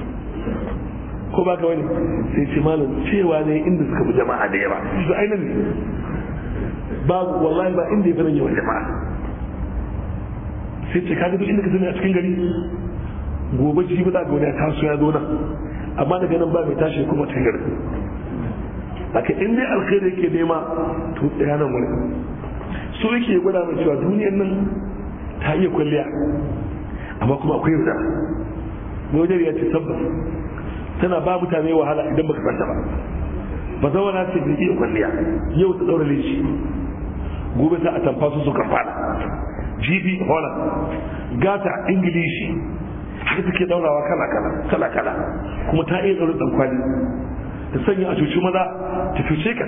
ko ba ka wani sai ce malam cewa ne inda suka bi jama'a da yawa su ainihin ne babu wallahi ba inda ya fi nan yawan jama'a sai ce kaga duk inda ka sani a cikin gari gobe shi ba za ka wani ya taso ya zo nan amma daga nan ba mai tashi kuma cikin gari haka inda dai alkhairi yake nema to tsaya nan wani Su yake gwada mai cewa duniyar nan ta iya kwalliya amma kuma akwai yau da wajen ya ce sabba tana ba mutane wahala idan baka santa ba ba zama na ce iya kwalliya yau ta daura shi gobe ta a tamfa su su kamfana gb holland gata ingilishi haka take daurawa kala kala kala kala kuma ta iya tsaron dan ta sanya a cuci maza ta cuce ka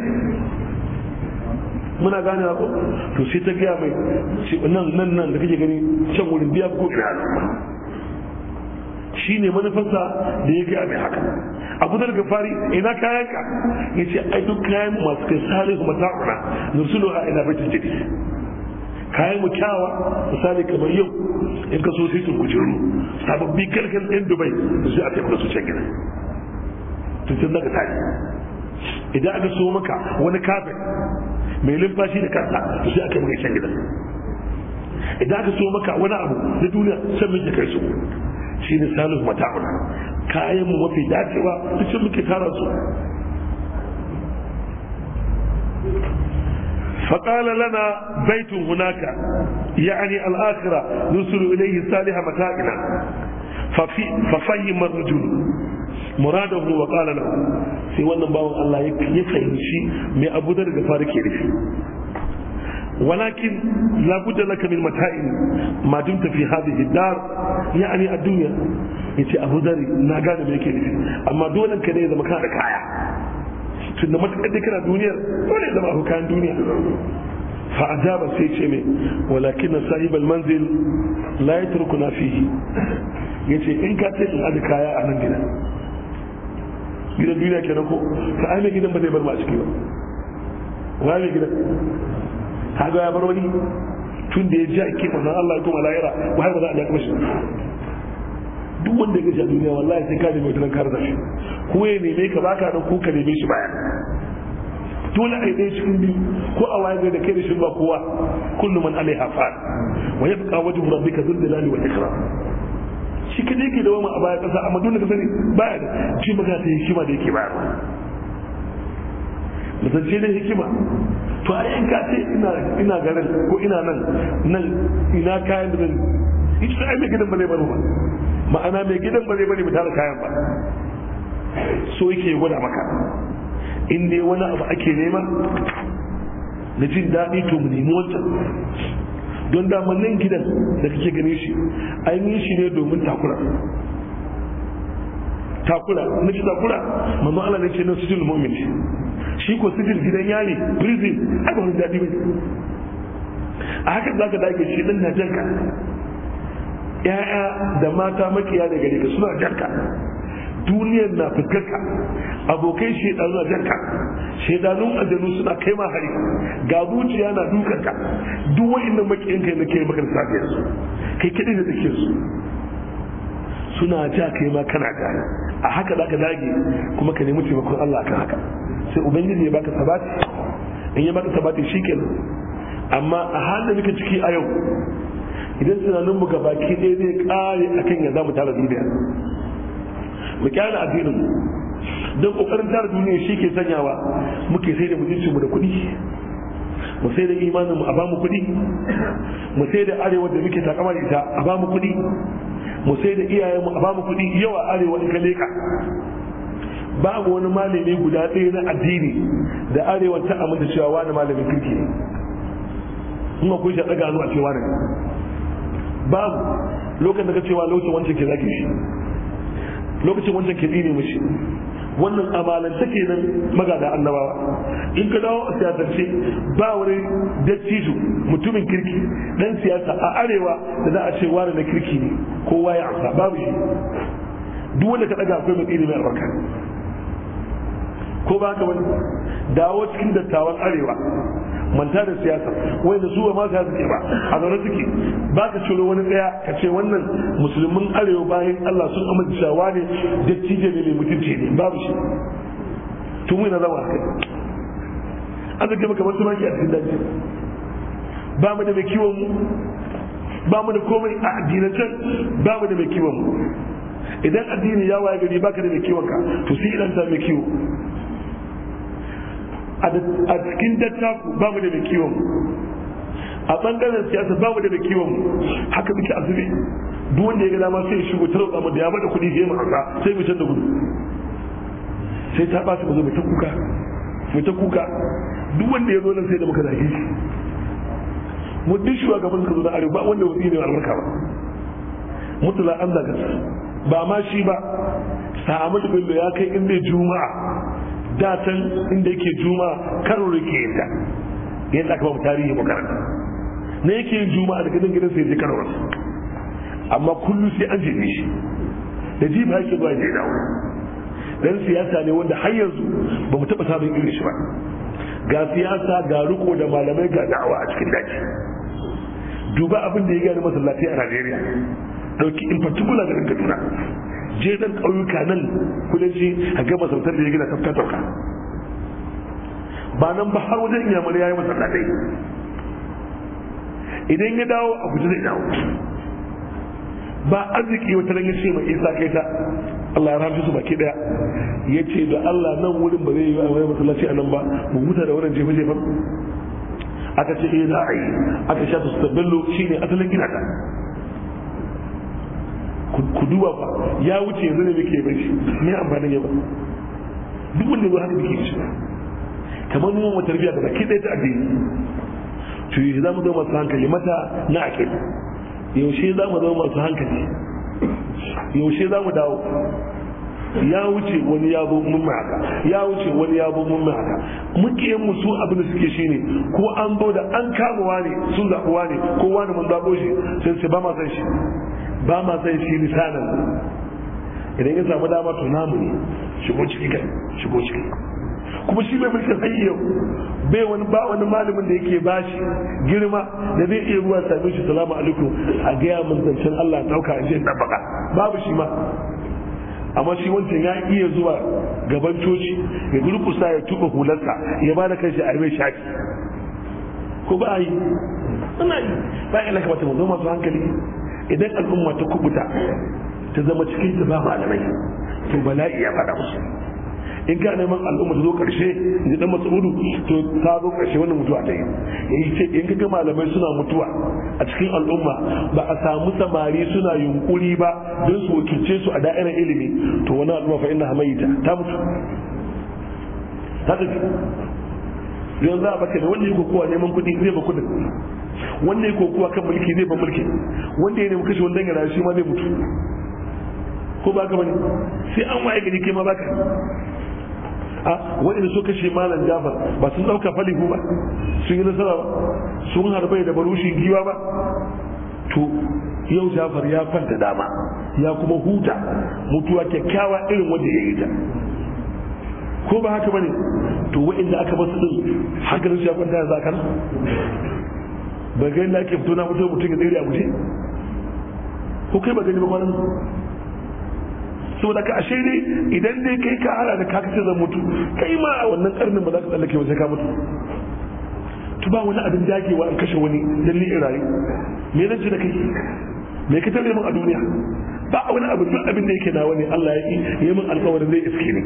muna gane ko to sai ta gaya mai nan nan nan da kake gani can wurin biya ko biya shi ne manufarsa da ya gaya mai haka abu da daga fari ina kayan ka ya ce ai duk kayan masu kai sare kuma ta'ura nursulu a ina bai tattali kayan mu kyawa misali kamar yau in ka so sai tun kujeru sababbi kalkan ɗin dubai da su a taimaka su can gida tun daga tari idan aka so maka wani kafin mai limfashi da kansa to sai aka yi can gidan idan aka so maka wani abu na duniya san miji kai su shi ne salus mata'un kayan mu mafi dacewa su sun muke tara su فقال لنا بيت هناك يعني الآخرة نرسل إليه صالح متاعنا ففهم الرجل muradahu wa qala lahu sai wannan bawan Allah ya fahimci me Abu Dhar fara ke Walakin la budda laka min mata'in ma dumta fi hadhihi dar yani يعني dunya yace abu zari na gane me yake nufi amma dole ka ne zama kana da kaya tunda matakar da kana duniyar dole zama abu kan duniya fa ajaba sai ce me walakin sahib al manzil la yatrukuna fihi yace in ka ce in aji kaya a nan gida gidan duniya kenan ko ka ai mai gidan ba zai bar ma a ciki ba wa mai gidan ga ya bar wani tun da ya ji ake manzon Allah ya koma lahira ba har ba za a dace shi duk wanda ya gaji a duniya wallahi sai ka nemi wata ran kare shi ko ya neme ka baka nan ko ka neme shi baya dole a yi ɗaya cikin biyu ko a waye da kai da shi ba kowa kullum an alaiha fa wa yabqa wajhu rabbika dhul jalali wal ikram shi kadai ke da wani a baya kasa amma dole ka sani baya da shi magana ta hikima da yake bayarwa mutunci ne hikima to a yanka ce ina ina garin ko ina nan nan ina kayan da zan ita ai mai gidan ba bane ba ma'ana mai gidan ba bane bari mu tara kayan ba so yake gwada maka in dai wani abu ake nema na jin daɗi to mu nemi wancan don daman nan gidan da kake ganin shi ainihin shi ne domin takura takura na ci takura manzo Allah ne ce na sujil mu'min shi ko sujil gidan yari prison ai wani daɗi mai a haka ka dage shi dan na janka Ya'ya da mata makiya daga gare ka suna janka duniyar na fuskarka abokai shaidanun a janka shaidanun ajanu suna kai ma hari ga zuciya na dukanka duk wa'annan makiyan kai na kai maka safiya su kai kiɗi da tsakiyar su suna ja kai ma kana gane a haka za ka zage kuma ka nemi taimakon Allah kan haka sai ubangiji ya baka sabati in ya baka sabati shikenan amma a halin da ciki a yau idan tunaninmu gabaki ɗaya zai ƙare akan ya za mu tara duniya mu kyale addinin mu don kokarin tara duniya shi ke sanyawa muke sai da mutuncin mu da kuɗi mu sai da imanin mu a bamu kuɗi mu sai da arewa da muke takamar ita a bamu kuɗi mu sai da iyayen mu a bamu kuɗi yawa arewa in ka leka babu wani malami guda ɗaya na addini da arewa ta aminta cewa wani malamin kirki ne kuma kun shaɗa gano a cewa ne babu lokacin da ka cewa lokacin wancan ke zaki shi lokacin wancan ke ne mushi wannan amalanta kenan magada annabawa in ka dawo a siyasance ba wani dattijo mutumin kirki dan siyasa a arewa da za a ce wani na kirki ne kowa ya amsa babu shi duk wanda ka daga akwai mai albarka ko ba ka wani dawo cikin dattawan arewa manta da siyasa wai da su ma siyasa ke ba a zaune suke ba ka ciro wani tsaya ka ce wannan musulmin arewa bayan Allah sun amince shawa ne da cije ne mai mutunci ne babu shi tun wani zama a kai an zake maka wasu maki a cikin daji ba mu da mai kiwon mu ba mu da komai a addinancen ba mu da mai kiwon mu idan addini ya waye gari baka da mai kiwon ka to sai idan ta mai kiwo a cikin dattaku ba mu da kiwon a bangaren siyasa ba mu da kiwon haka muke azumi duk wanda ya ga dama sai ya shigo ta roƙa mu da ya bada kuɗi ga mu asa sai mu canza gudu sai ta ba su ba zo mu ta kuka mu ta kuka duk wanda ya zo nan sai da muka zage shi mu duk shugaban suka zo na arewa ba wanda wasi ne albarka ba mutula an zaga ba ma shi ba samu da ya kai inda juma'a datan inda yake juma karo yake yadda ya aka ba tarihi makaranta na yake yin juma daga nan gidan sai je karo amma kullu sai an jefe shi da ji ba yake zuwa ya dawo dan siyasa ne wanda har yanzu ba mu taɓa samun irin shi ba ga siyasa ga riko da malamai ga da'awa a cikin daji duba abin da ya gani masallaci a najeriya ɗauki in particular garin kaduna je nan ƙauyuka nan kudanci a gama sautar da ya gina tafka tauka ba nan ba har wajen yamar ya yi masa ɗaɗe idan ya dawo a guji zai dawo ba arziki wata nan ya ce mai isa kai ta Allah ya rafi su baki daya ya ce da Allah nan wurin ba zai yi wani masallaci a nan ba mu huta da wannan jefe jefen aka ce eh za a yi aka sha su tabbalo shine asalin gina ta ku duba ba ya wuce yanzu ne muke bai shi me amfanin ba duk wanda ruwa haka muke shi kamar mun wata tarbiya da ke tsaye ta addini to yi za mu zama masu hankali mata na aƙidu yaushe za mu zama masu hankali yaushe za mu dawo ya wuce wani ya zo mun haka ya wuce wani ya zo mun haka muke yin su abin da suke shine ko an zo da an kama wani sun zaɓi wani ko wani mun zaɓo shi sai su ba ma san shi ba ma san shi lisanan idan ya samu dama to namu ne shigo ciki kai shigo ciki kuma shi mai mulkin sai yau bai wani ba wani malamin da yake bashi girma da zai iya ruwa sami shi salamu alaikum a gaya mun zancen Allah dauka a je in babu shi ma amma shi wancan ya iya zuwa gaban coci ya durkusa ya tuba hularsa ya ba da kanshi a mai shafi ko ba a yi ana yi ba ya lakabata mu zo masu hankali idan al'umma ta kubuta ta zama cikin ta ba malamai to bala'i ya faɗa musu in ga neman al'umma ta zo karshe ji dan masudu to ta zo karshe wannan mutuwa ta yi eh, in ce in ga malamai suna mutuwa a cikin al'umma ba a samu samari suna yunkuri ba don su wakilce su a da'irar ilimi to wani al'umma fa inna hamayita ta mutu ta tafi Yanzu za a baka da wanda ya kokowa neman kuɗi zai ba kuɗin wanda ya kokowa kan mulki zai ba mulki wanda ya nemi kashe wanda ya rayu shi ma zai mutu ko ba ka bane sai an waye gari kai ma baka a wani so kashe malam jafar ba sun dauka falihu ba sun yi nasara ba sun harbai da barushi giwa ba to yau jafar ya kwanta dama ya kuma huta mutuwa kyakkyawa irin wanda ya yi ta ko ba haka bane to inda aka basu din hankalin su ya kwanta yanzu akan ba ga inda ake fito na mutum mutum ya tsere a guje ko kai ba gani ba kwanan da ka ashe ne idan dai kai ka hada da kaka ce zan mutu kai ma a wannan karnin ba za ka tsallake ba sai ka mutu to ba wani abin dagewa an kashe wani dalli in me zan ci da kai me ka tare min a duniya ba wani abu duk abin da yake nawa ne Allah ya yi min alƙawarin zai iske ne.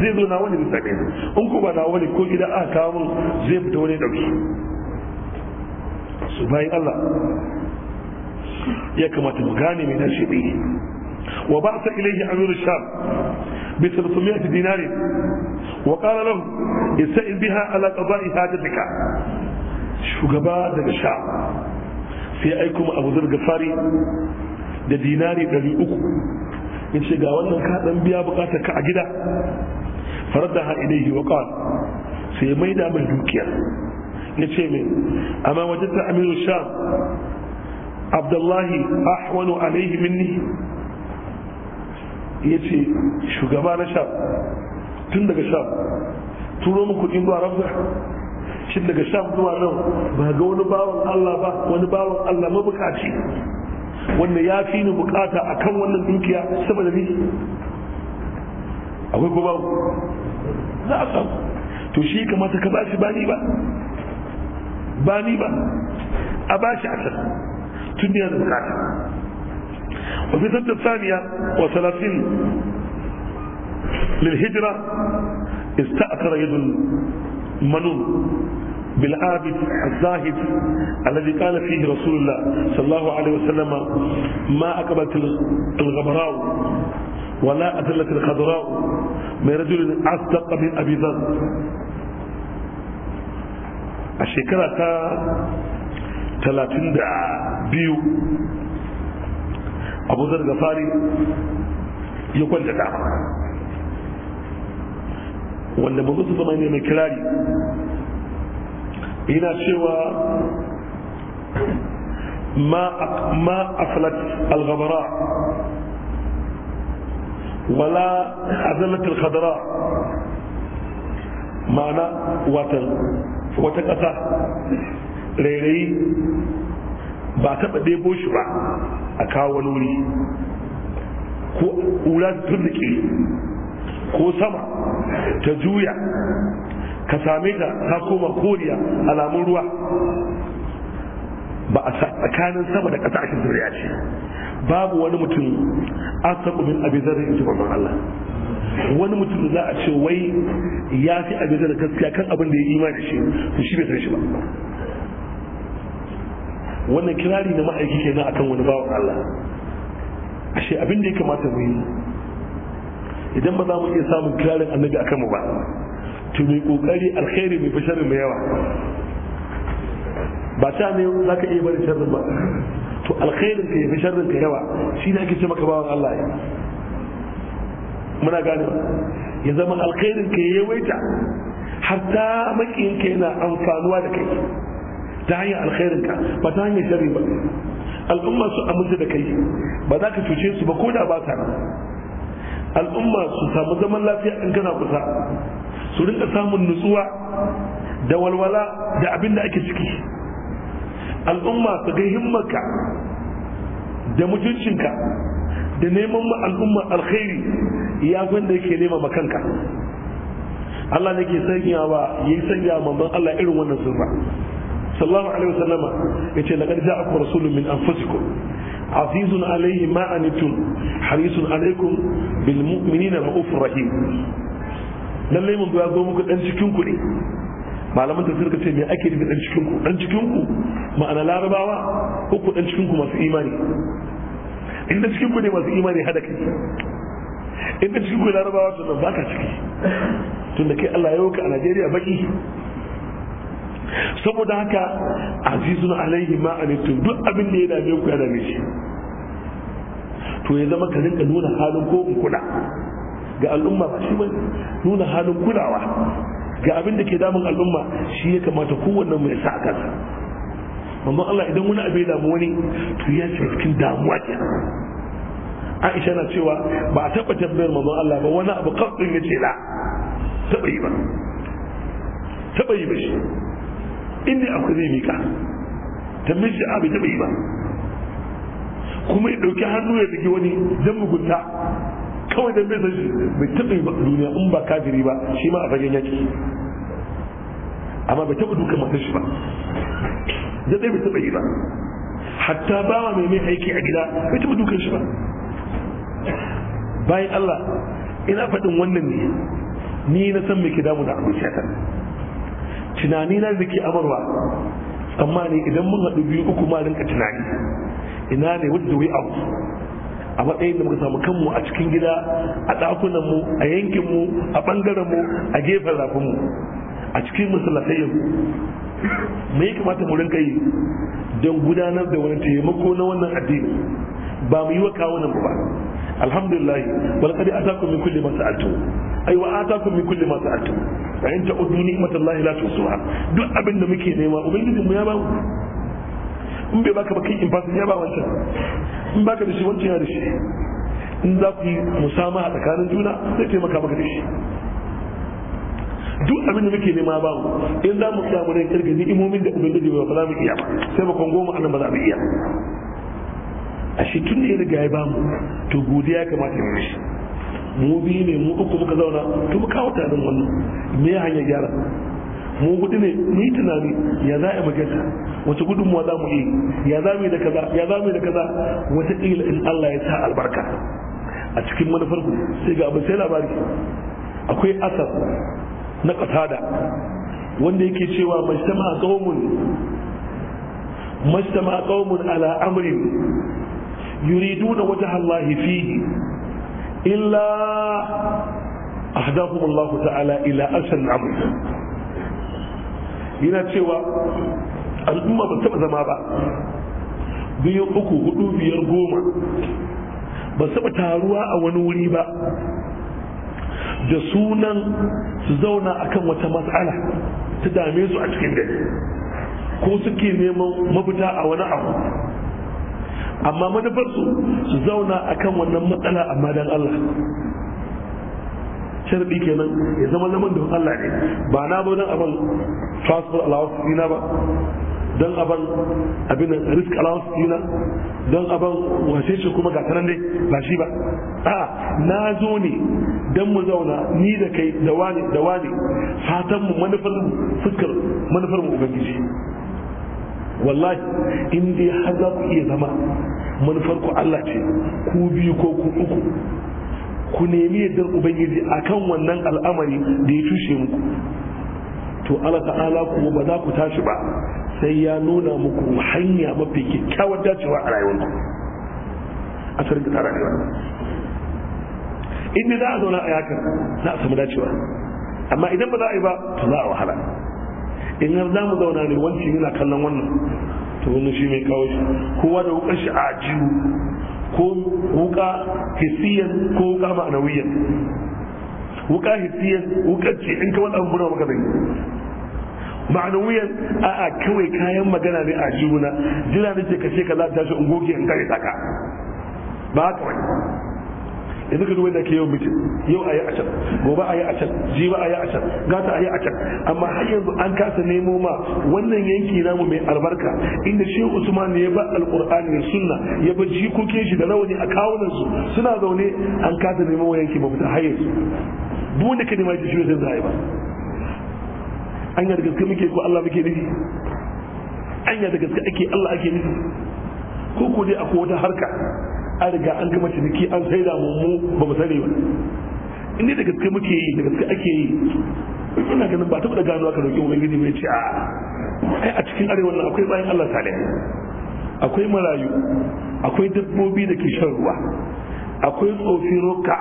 zai zo na wani bisa in ko ba na wani ko gida aka kawo mun zai fita wani dauki su bai Allah ya kamata mu gane me na ɗaya wa ba ilayhi ilaihi amiru sham bi 300 dinari wa qala lahu isa'in biha ala qada'i hajatika shugaba daga sha sai aiko Abu zurgafari Gafari da dinari 300 ya ce ga wannan kaɗan biya buƙatar ka a gida farar da ha ilaihi wa qala sai mai da mai dukiya ya ce min amma wajadta amiru sha abdullahi ahwanu alaihi minni ya ce shugaba na sha tun daga sha turo mu kuɗin ba rabza shi daga sha zuwa nan ba ga wani bawan allah ba wani bawan allah mabukaci wanda ya fi ni bukata a kan wannan dukiya saboda ni akwai ko babu za a samu to shi kamata ka ba shi ba ni ba ba ni ba a ba shi a can tun da bukata wafi tattar saniya wa salasin lil hijira ista'akara yadul manun بالعابد الزاهد الذي قال فيه رسول الله صلى الله عليه وسلم ما أكبت الغبراء ولا أذلت الخضراء من رجل أصدق من أبي ذر الشكرة ثلاثين بيو أبو ذر غفاري يقول لدعم وأن بغض ضمانية من كلاري yana cewa ma a al-gabara wala a al hadara, ma'ana wata ƙasa rairayi ba taɓa ɗebo shi ba a kawo wani wuri ko wula tun da ko sama ta juya ka same ta ta koma koriya alamun ruwa ba a tsakanin sama da ƙasa ake zuriya ce babu wani mutum asabu min abizar da yake ji Allah wani mutum za a ce wai ya fi abin da gaskiya kan abin da ya yi imani shi to shi bai san shi ba wannan kirari na ma'aiki ke nan akan wani bawan Allah ashe abin da ya kamata mu yi idan ba za mu iya samun kirarin annabi akan mu ba to mai kokari alkhairi mai fi sharri mai yawa ba ta ne za ka iya bari sharrin ba to alkhairin ka fi sharrin ka yawa shi ne ake ce maka bawan Allah ya muna gane ya zama alkhairin ka ya yawaita ta makiyin ka yana amfanuwa da kai ta hanyar alkhairin ka ba ta hanyar sharri ba al'umma su amince da kai ba za ka cuce su ba ko da ba ta al'umma su samu zaman lafiya in kana kusa su rinka samun nutsuwa da walwala da abin da ake ciki al'umma su ga himmarka da mutuncinka da neman ma al'umma alkhairi ya gwanda yake nema makanka Allah ne ke sanya wa yi sanya mamban Allah irin wannan sunfa sallallahu alaihi wasallama ce laqad ja'akum rasulun min anfusikum azizun alayhi ma anitum harisun alaykum bil mu'minina raufur rahim lallai mun ya zo muku dan cikin ku ne malaman da suka ce me ake nufi dan cikin ku dan cikin ku ma'ana larabawa ko ku dan cikin ku masu imani inda cikin ku ne masu imani hada kai inda cikin ku larabawa to ba ka ciki tunda kai Allah ya ka a Najeriya baki saboda haka azizun alaihi ma anittum duk abin da ya dame ku ya dame shi to ya zama ka rinka nuna halin ko in kula ga al'umma ba shi bane nuna halin kulawa ga abin da ke damun al'umma shi ya kamata kowanne mu ya sa a kansa mamman Allah idan wani abu ya damu wani to ya ce cikin damuwa ke Aisha na cewa ba a taɓa tambayar mamman Allah ba wani abu kawai ya ce la taɓa yi ba taɓa yi ba shi inda akwai zai mika tambayar shi abu taɓa yi ba kuma ya ɗauki hannu ya zage wani don mugunta kawai dan bai shi bai taɓa ba duniya in ba kafiri ba shi ma a fagen yaki amma bai taɓa dukan matar shi ba da ɗaya bai taɓa yi ba hatta bawa mai mai aiki a gida bai taɓa dukan shi ba bayan Allah ina faɗin wannan ne ni na san me ke damu da abuciyata tunani na zaki ke amarwa amma ne idan mun haɗu biyu uku ma rinka tunani ina ne wadda wai abu a matsayin da muka samu kanmu a cikin gida a ɗakunanmu, mu a yankin mu a ɓangaren mu a gefen rafin mu a cikin masallatai me ya kamata mu rinka yi don gudanar da wani taimako na wannan addini ba mu yi wa kawunan ba alhamdulillah wal qad ataakum min kulli ma sa'altu ay wa ataakum min kulli ma sa'altu fa in ta'udu ni'matallahi la tusuha duk abin da muke nema ubangiji mu ya ba mu in bai baka ba kai in fasin ya ba wancan in baka da shi wancan ya da shi in za ku yi musamaha tsakanin juna zai taimaka maka da shi duk abin da muke nema ba mu in za mu samu rai kirga imomin da ubangiji ba za mu iya sai ba goma anan ba za mu iya a shi tun da ya riga ya ba mu to godiya kamata ya mishi mu biyu ne mu uku muka zauna to mu kawo tarin wannan me ya hanyar gyara mu gudu ne mu yi tunani ya za a maganta wace gudunmuwa za mu yi ya za mu yi da kaza ya za mu yi da kaza wata ƙila in Allah ya sa albarka a cikin manufar ku sai ga abin sai labari akwai asar na qatada wanda yake cewa majtama qaumun majtama qaumun ala amrin yuriduna wata Allah fihi illa ahdahum Allah ta'ala ila asal amr yana cewa al'umma ba taba zama ba biyu uku hudu biyar goma ba taɓa taruwa a wani wuri ba da sunan su zauna akan wata matsala ta dame su a cikin dare, ko suke neman mafita a wani abu amma manufarsu su zauna akan wannan matsala a madan Allah sharadi kenan ya zama zaman da Allah ne ba na ba don abin transfer allowance dina ba don aban abin risk allowance dina don aban wace shi kuma ga tanan dai ba shi ba a na zo ne don mu zauna ni da kai da wani da wani fatan mu manufar fuskar manufar mu ubangiji wallahi in dai har za ku iya zama manufar ku Allah ce ku biyu ko ku uku ku nemi yadda ubangiji akan wannan al'amari da ya tushe muku to Allah ta'ala kuma ba za ku tashi ba sai ya nuna muku hanya mafi kyakkyawar dacewa a rayuwarku a sarki tsara rayuwa inda za a zauna a yakan za a samu dacewa amma idan ba za a yi ba to za a wahala in har za mu zauna ne wancin yana kallon wannan to wannan shi mai kawo shi kowa da wukar shi a jiwu ko wuka hissiyan ko wuka ma'anawiyan wuka hissiyan wukar ce in ka wani abu maka zai ma'anawiyan a'a kawai kayan magana ne a juna jira ce ka ce ka za ta shi in in kare taka ba haka wani yanzu ka duba da ke yau mutum yau a yi a can gobe a yi a can jiba a yi a can gata a yi a can amma har yanzu an kasa nemo ma wannan yanki namu mai albarka inda shi usman ne ya ba alqur'ani da sunna ya ba jikokin shi da rawani a kawunan su suna zaune an kasa nemo wa yanki ta har yanzu duk wanda ka nema shi zai zai ba an da gaske muke ko Allah muke nufi an da gaske ake Allah ake nufi ko ko dai akwai wata harka an riga an gama ciniki an sai da mu ba mu sani ba in da gaske muke yi da gaske ake yi ina ganin ba taɓa da gano aka roƙi ubangiji mai ce a ai a cikin arewa nan akwai bayan Allah salih akwai marayu akwai dabbobi da ke shan ruwa akwai tsofi roka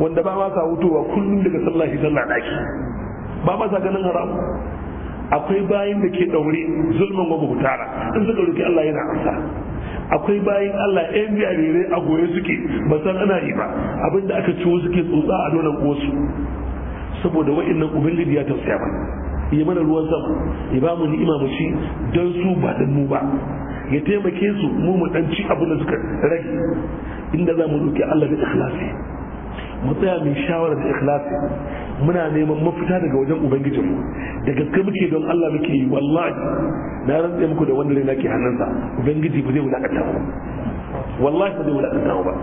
wanda ba ma sa hutuwa kullum daga sallah shi sallah daki ba ma sa ganin haram akwai bayan da ke daure zulmin wa hutara in suka roki Allah yana amsa akwai bayan Allah yan jarirai a goye suke ba san ana yi ba abinda aka ciwo suke tsotsa a nonon wasu saboda wa'annan ubangiji ya tausaya ba, ya mana ruwan sama ya ba mu ni'ima mu don su ba dan mu ba ya taimake su mu mu dan ci abin da suka rage inda za mu roki Allah da ikhlasi mu tsaya mai shawara da ikhlasi muna neman mafita daga wajen ubangijinmu da gaske muke don Allah muke yi wallahi na rantsa muku da wanda ne nake hannunsa ubangiji ba zai wulakanta ba wallahi ba zai wulakanta ba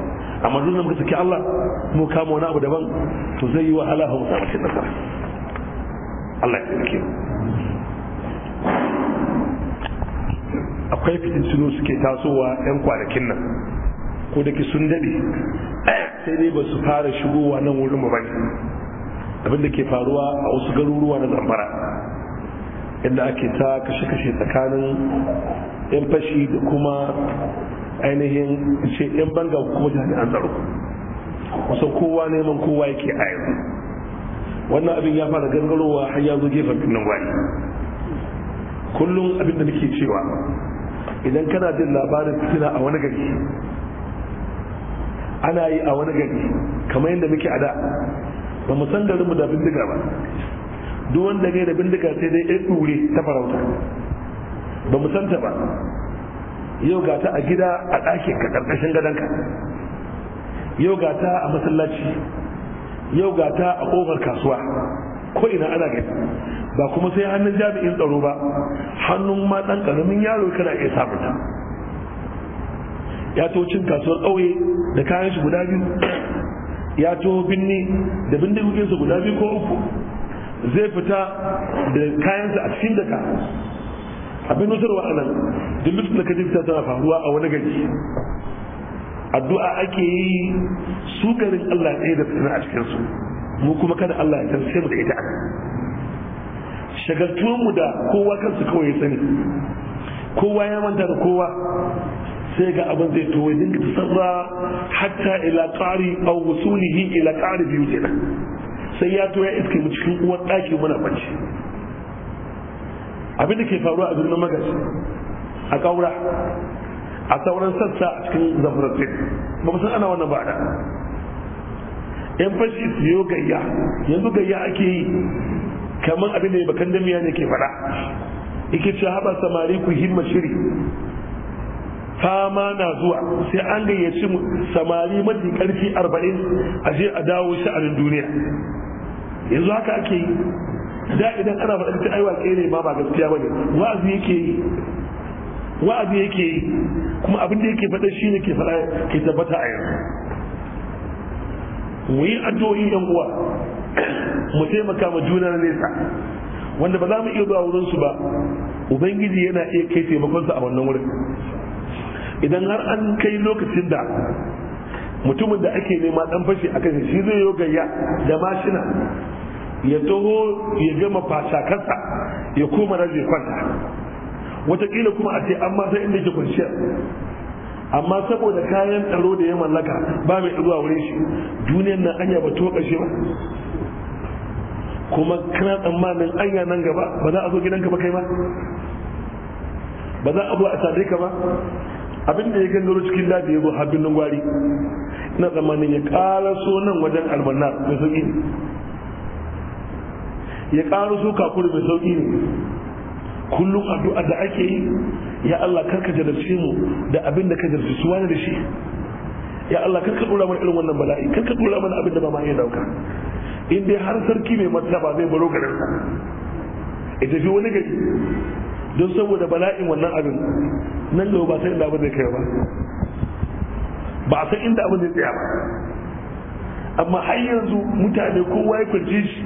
amma duk da muka saki Allah mu kama wani abu daban to zai yi wahala ba mu samu cin nasara Allah ya tsarki akwai fitintunu suke tasowa 'yan kwanakin nan ko da ke sun daɗe sai dai ba su fara shigowa nan wurin ba bane abin da ke faruwa a wasu garuruwa na zamfara inda ake ta kashe-kashe tsakanin 'yan fashi da kuma ainihin ce 'yan banga kuma jami'an tsaro kusan kowa neman kowa yake a yanzu wannan abin ya fara gangarowa har ya zo gefen binnin gwai kullum abin da nake cewa idan kana jin labarin fitina a wani gari ana yi a wani gari kamar yadda muke a da ba mu san garinmu da bindiga ba duk wanda ne da bindiga sai dai ya ɗure ta farauta ba mu santa ba yau ga ta a gida a ɗakin ka ƙarƙashin gadonka yau ga ta a masallaci yau ga ta a ƙofar kasuwa ko ina ana gani ba kuma sai hannun jami'in tsaro ba hannun ma ɗan ƙaramin yaro kana iya samunta ya to cin kasuwar ƙauye da kayan shi guda biyu ya to binni da su guda biyu ko uku zai fita da kayansa a cikin daka abin nutarwa a nan duk lokacin da kajin fita tana faruwa a wani gari addu'a ake yi su garin Allah ɗaya da suna a cikin mu kuma kada Allah ya tarse mu da ita shagaltuwar mu da kowa kansu kawai ya sani kowa ya manta da kowa sai ga abin zai to wai dinga hatta ila qari au wusulihi ila qari biyu kenan sai ya to ya iske mu cikin uwar daki muna bacci abin da ke faruwa a birnin magas a kaura a sauran sassa a cikin zamfaratin ba mu san ana wannan ba da yan fashi su gayya yanzu gayya ake yi kamar abin da ya bakan damiya ne ke faɗa yake ce haɓa samari ku himma shiri fama na zuwa sai an gayyaci samari mafi karfi arba'in a je a dawo sha'anin duniya yanzu haka ake yi da idan ana faɗin ta aiwa ne ma ba gaskiya bane wa'azi yake yi wa'azi yake yi kuma abin da yake faɗa ne ke faɗa ke tabbata a yanzu mu yi addu'o'i yan uwa mu taimaka ma juna na nesa wanda ba za mu iya zuwa wurinsu ba ubangiji yana iya kai taimakonsa a wannan wurin idan har an kai lokacin da mutumin da ake nema dan fashi a kan shi zai gayya da mashina ya taho ya gama kansa ya koma raje kwanta watakila kuma a ce amma sai inda ke kwanciyar amma saboda kayan tsaro da ya mallaka ba mai zuwa wurin shi duniyar nan anya ba to kashe ba kuma kana tsammanin anya nan gaba ba za a zo gidanka ba kai ba ba za a zo a ka ba abin da ya gangaro cikin da ya zo har nungwari, gwari ina tsammanin ya so nan wajen almanna mai sauƙi ne ya so kakuri mai sauƙi ne kullum addu'a da ake yi ya Allah karka jarabce mu da abin da ka jarabce su wani da shi ya Allah karka dora mana irin wannan bala'i karka dora mana abin da ba ma iya dauka in dai har sarki mai martaba zai baro garin ya tafi wani gari don saboda bala'in wannan abin nan gaba ba sai inda abin zai kai ba ba a san inda abin zai tsaya ba amma har yanzu mutane kowa ya kwanci shi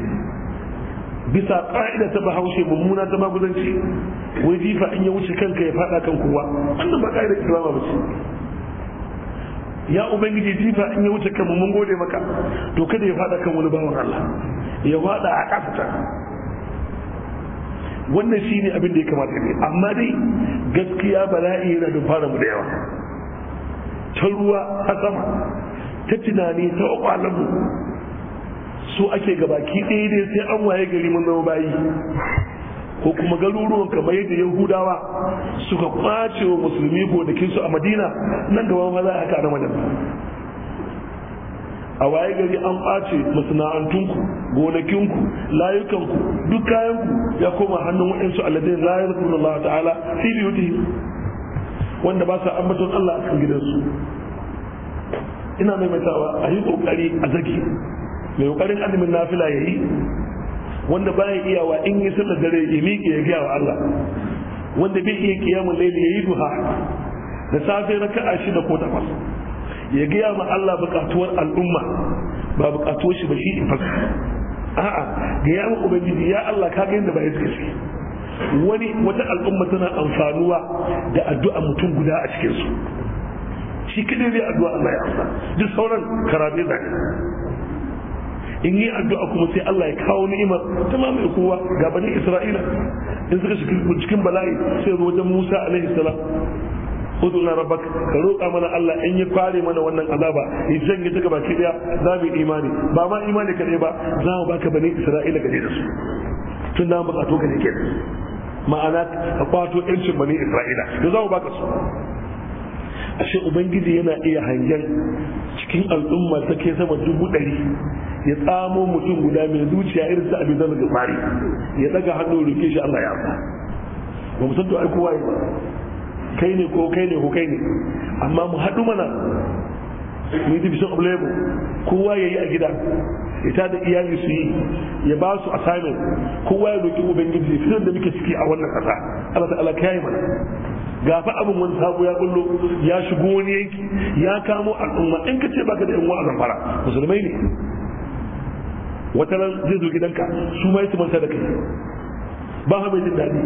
bisa ƙa'ida ta bahaushe mummuna ta maguzanci wai jifa in ya wuce kanka ya faɗa kan kowa wannan ba ƙa'idar islama ba ce ya ubangiji jifa in ya wuce kanmu mun gode maka to kada ya faɗa kan wani bawan Allah ya faɗa a ƙasa wannan shi ne abin da ya kamata ne amma dai gaskiya bala'i yana da fara mu da yawa ta ruwa a sama ta tunani ta kwakwalamu su ake gabaki ɗaya ne sai an waye gari mun zama bayi ko kuma garuruwan kamar yadda yahudawa suka kwace wa musulmi gonakinsu a madina nan gaba ma za a haka na madina a waye gari an ɓace masana'antunku gonakinku layukanku duk kayanku ya koma hannun waɗansu alladin la yarkun Allah ta'ala fi biyutihim wanda ba sa ambaton Allah a cikin gidansu ina maimaitawa a yi kokari a zaki mai kokarin azumin nafila yayi wanda baya iyawa in yi sallar dare ya miƙe ya gaya wa Allah wanda bai iya kiyamun laili yayi duha da safe raka'a shida ko takwas ya gaya ma Allah bukatuwar al'umma ba bukatuwar shi ba shi fasa? a'a gaya ma ubangiji ya Allah ka ga yadda ba ya suka ce wani wata al'umma tana amfanuwa da addu'a mutum guda a cikin su shi kidan zai addu'a Allah ya amsa duk sauran karabe da in yi addu'a kuma sai Allah ya kawo ni'imar ta mamaye kowa ga bani Isra'ila in suka shiga cikin bala'i sai wajen Musa alaihi salam na rabbak ka roƙa mana Allah in ya kware mana wannan azaba in janye ta gaba daya za mu imani ba ma imani kaɗai ba za mu baka bani Isra'ila gare da su tun da mu to ka ne kenan ma'ana ka kwato yancin bani Isra'ila to za mu baka su ashe ubangiji yana iya hangen cikin al'umma ta ke sama dubu ɗari ya tsamo mutum guda mai zuciya irin sa abin zama gabari ya daga hannu rufe shi Allah ya ba ba mu san to ai kowa ba kai ne ko kai ne ko kai ne amma mu haɗu mana ni da division of labor kowa ya yi a gida ita da iyali su yi ya ba su assignment kowa ya roƙi ubangiji fitar da muke ciki a wannan ƙasa Allah ta'ala ka yi mana gafa abin wani sabo ya kullo ya shigo wani yanki ya kamo al'umma in ka ce baka da yanwa a zamfara musulmai ne wata nan zai zo gidanka su ma yi da kai ba ha mai jin daɗi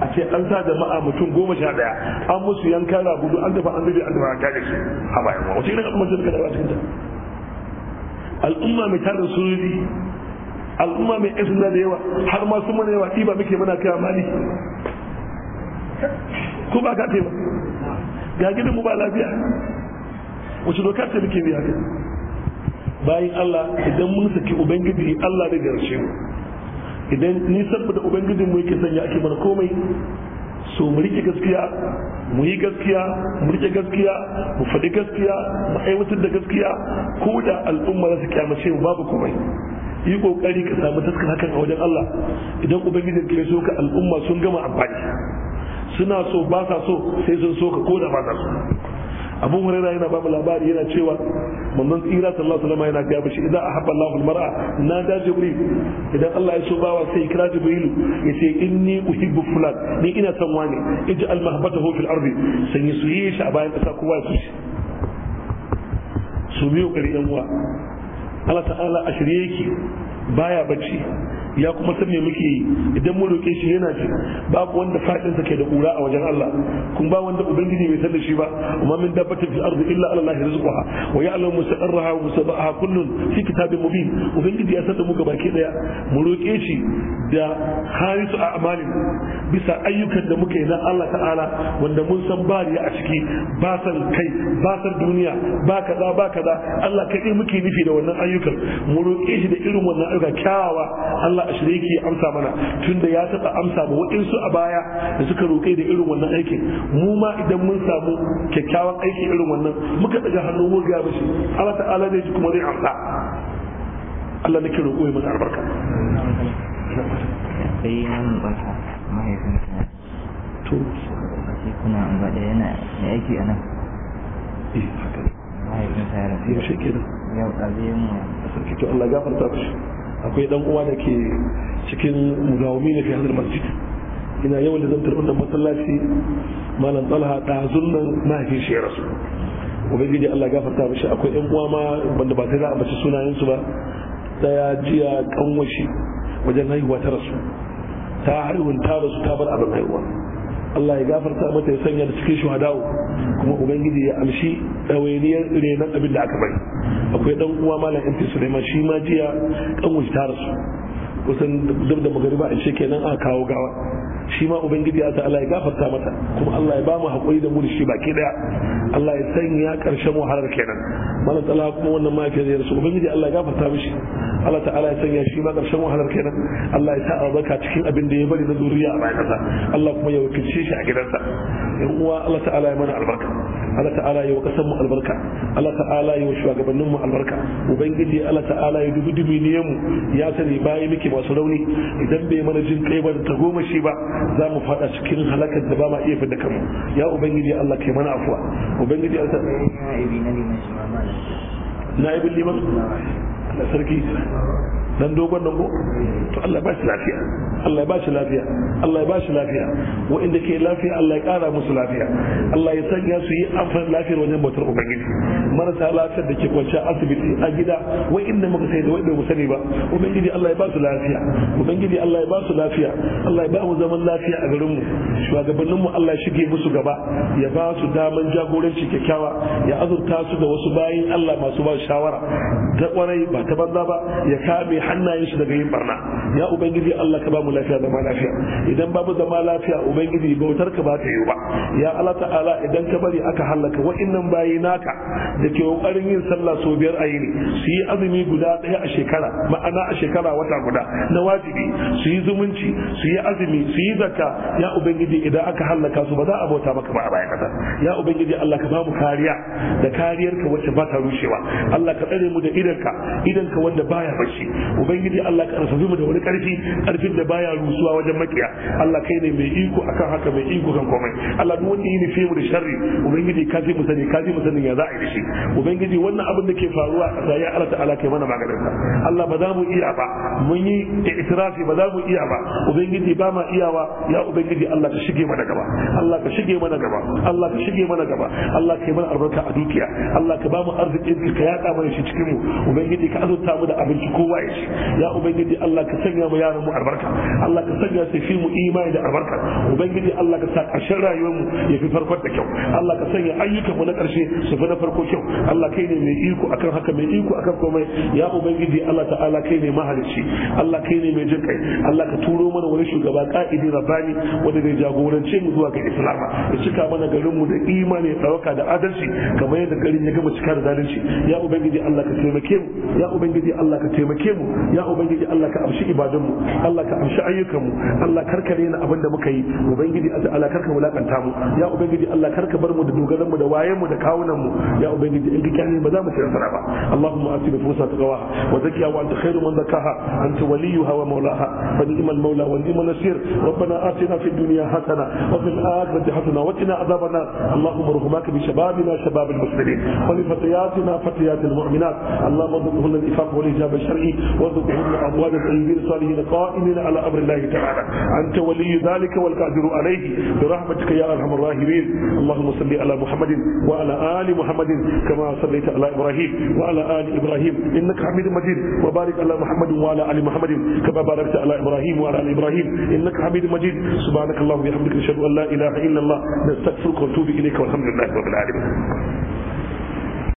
a ce an sa jama'a mutum goma sha ɗaya an musu na gudu an dafa an zube an dafa an kyale a bayan wa wace irin al'umma ce suka dafa cikin ta al'umma mai tarin sururi al'umma mai suna da yawa har ma sun mana yawa ɗiba muke mana kai mali ko ba ka ba ga gidan mu ba lafiya wace doka ce muke biya kai bayan Allah idan mun saki ubangiji Allah da garshe mu idan ni saboda ubangijin mu yake sanya ake mana komai so mu rike gaskiya mu yi gaskiya mu rike gaskiya mu faɗi gaskiya mu aiwatar da gaskiya ko da al'umma za su kyamace mu babu komai yi kokari ka samu taskar hakan a wajen Allah idan ubangijin ka so ka al'umma sun gama amfani suna so ba sa so sai sun so ka ko da ba sa so abun hurairah yana ba labari yana cewa manzon tsira sallallahu alaihi wasallam yana ga bashi idan ahabba Allahu almar'a na da jibril idan Allah ya so bawa sai kira jibril yace inni uhibbu fulan ni ina son wani ij'al mahbatahu fil ardi sai yi shi a bayan kasa kowa ya shi su biyu ƙari uwa Allah ta'ala a shirye yake baya bacci ya kuma san me muke yi idan mun roke shi yana ji babu wanda fadinsa ke da kura a wajen Allah kun ba wanda ubangiji bai san da shi ba amma min dabbatin fil ardi illa ala Allah rizquha wa ya'lamu mustaqarraha wa musabaha kullun fi kitabin mubin ubangiji ya san da mu gabaki daya mu roke shi da harisu a amalin bisa ayyukan da muke na Allah ta'ala wanda mun san bariya a ciki ba san kai ba san duniya ba kaza ba kaza Allah kai muke nufi da wannan ayyukan mu roke shi da irin wannan ayyuka kyawawa Allah Allah a shirye ya amsa mana tunda ya taɓa amsa ma waɗansu a baya da suka roƙe da irin wannan aikin mu ma idan mun samu kyakkyawan aiki irin wannan muka daga hannu mu ga bashi Allah ta'ala zai ji kuma zai amsa Allah nake roƙo ya mana albarka sai nan ba mahaifin to kuna an ba yana da aiki a eh haka mahaifinsa ya rasu yau shekaru yau ɗazi yin mu a sarki to Allah gafarta ku akwai dan uwa da ke cikin mudawami na fi hadar masjid ina yawan da zan tarbi da masallaci malam talha ɗazun nan mahaifin shi ya rasu ubangiji allah gafarta mishi akwai yan uwa ma banda ba sai za a bace su ba ya jiya kanwashi wajen haihuwa ta rasu ta haihuwa ta rasu ta bar abin haihuwa Allah ya gafarta mata ya sanya da cikin shuhada'u kuma ubangiji ya amshi ɗawainiyar renon abin da aka bari. akwai dan uwa malam MT Suleiman shi ma jiya kan ta rasu kusan duk da magariba a nan aka kawo gawa shi ma ubangiji ya Allah ya gafarta mata kuma Allah ya ba mu hakuri da mu da shi baki daya Allah ya sanya karshen wahalar kenan mana tsala kuma wannan mahaifiyar ya rasu ubangiji Allah ya gafarta mishi Allah ta'ala ya sanya shi ma karshen wahalar kenan Allah ya sa albarka cikin abin da ya bari na zuriya a bayan kasa Allah kuma ya wakilce shi a gidansa in uwa Allah ta'ala ya mana albarka Allah ta'ala ya wa kasan mu albarka Allah ta'ala ya wa shugabannin mu albarka ubangiji Allah ta'ala ya dubi dubi ne mu ya sani bayi muke masu rauni idan bai mana jin kai ba da goma shi ba za mu fada cikin halakar da ba ma iya fidda kanmu ya ubangiji Allah kai mana afuwa ubangiji Allah ta'ala na ibi liman na sarki dan dogon nan ko to Allah ba shi lafiya Allah ya ba shi lafiya Allah ya ba shi lafiya inda ke lafiya Allah ya kara musu lafiya Allah ya sanya su yi amfani lafiyar wajen bautar ubangiji marasa lafiyar da ke kwanciya asibiti a gida inda muka sai da wa'inda mu sani ba ubangiji Allah ya ba su lafiya ubangiji Allah ya ba su lafiya Allah ya ba mu zaman lafiya a garin mu shugabannin mu Allah ya shige musu gaba ya ba su daman jagoranci kyakkyawa ya azurta su da wasu bayin Allah masu ba shawara da kwarai ba ta banza ba ya kame hannayen shi daga yin barna ya ubangiji Allah ka ba mu lafiya zama lafiya idan babu zama lafiya ubangiji bautar ka ba ta yi ba ya Allah ta'ala idan ka bari aka halaka wa'annan bayi naka da ke kokarin yin sallah sau biyar a yini su yi azumi guda ɗaya a shekara ma'ana a shekara wata guda na wajibi su yi zumunci su yi azumi su yi zakka ya ubangiji idan aka halaka su ba za a bauta maka ba a baya kasa ya ubangiji Allah ka ba mu kariya da kariyarka wacce ba ta rushewa Allah ka tsare mu da idanka idan ka wanda baya bacci ubangiji Allah ka rasu mu da wani karfi karfin da baya rusuwa wajen makiya Allah kai ne mai iko akan haka mai iko kan komai Allah duk wanda yi mu da sharri ubangiji ka fi mu sani ka fi mu sani ya za a yi da shi ubangiji wannan abin da ke faruwa a ya Allah ta'ala kai mana maganin ka? Allah ba za mu iya ba mun yi itirafi ba za mu iya ba ubangiji ba ma iyawa ya ubangiji Allah ka shige mana gaba Allah ka shige mana gaba Allah ka shige mana gaba Allah ka yi mana albarka a dukiya Allah ka ba mu arzikin ka yaɗa mana shi cikin mu ubangiji ka azurta mu da abinci kowa ya ci ya ubangiji Allah ka sanya mu yaran mu albarka Allah ka sanya su fi mu imani da albarka ubangiji Allah ka sa ƙarshen rayuwar mu ya fi farkon da kyau Allah ka sanya ayyukan mu na ƙarshe su fi na farko kyau Allah kai ne mai iko akan haka mai iko akan komai ya ubangiji Allah ta'ala kai ne mahalicci Allah kai ne mai jinkai Allah ka turo mana wani shugaba ka'idi rabbani wanda zai jagorance mu zuwa ga islam ya cika mana garin mu da imani da tsawaka da adalci kamar yadda garin ya gama cika da zalunci ya ubangiji Allah ka taimake mu ya ubangiji Allah ka taimake mu ya ubangiji Allah ka amshi ibadunmu Allah ka amshi ayyukanmu Allah karka rena abin da muka yi ubangiji Allah karka wulakanta mu ya ubangiji Allah karka bar mu da dogaran mu da wayen mu da kawunan mu ya ubangiji in kika ne ba za mu ci nasara ba Allahumma asina fusa taqwaha wa zakiya wa anta khairu man zakaha anta waliyuha wa mawlaha fa ni'mal mawla wa ni'mal nasir ربنا آتنا في hasana حسنة وفي الآخرة حسنة وقنا عذاب النار اللهم ارحمك بشبابنا شباب المسلمين ولفتياتنا فتيات المؤمنات اللهم ارزقهن وسلم الإفاق والإجابة الشرعي وارزق علم أبواب الطيبين الصالحين قائمين على أمر الله تعالى أنت ولي ذلك والقادر عليه برحمتك يا أرحم الراحمين اللهم صل على محمد وعلى آل محمد كما صليت على إبراهيم وعلى آل إبراهيم إنك حميد مجيد وبارك على محمد وعلى آل محمد كما باركت على إبراهيم وعلى آل إبراهيم إنك حميد مجيد سبحانك اللهم وبحمدك نشهد أن لا إله إلا الله نستغفرك ونتوب إليك والحمد لله رب العالمين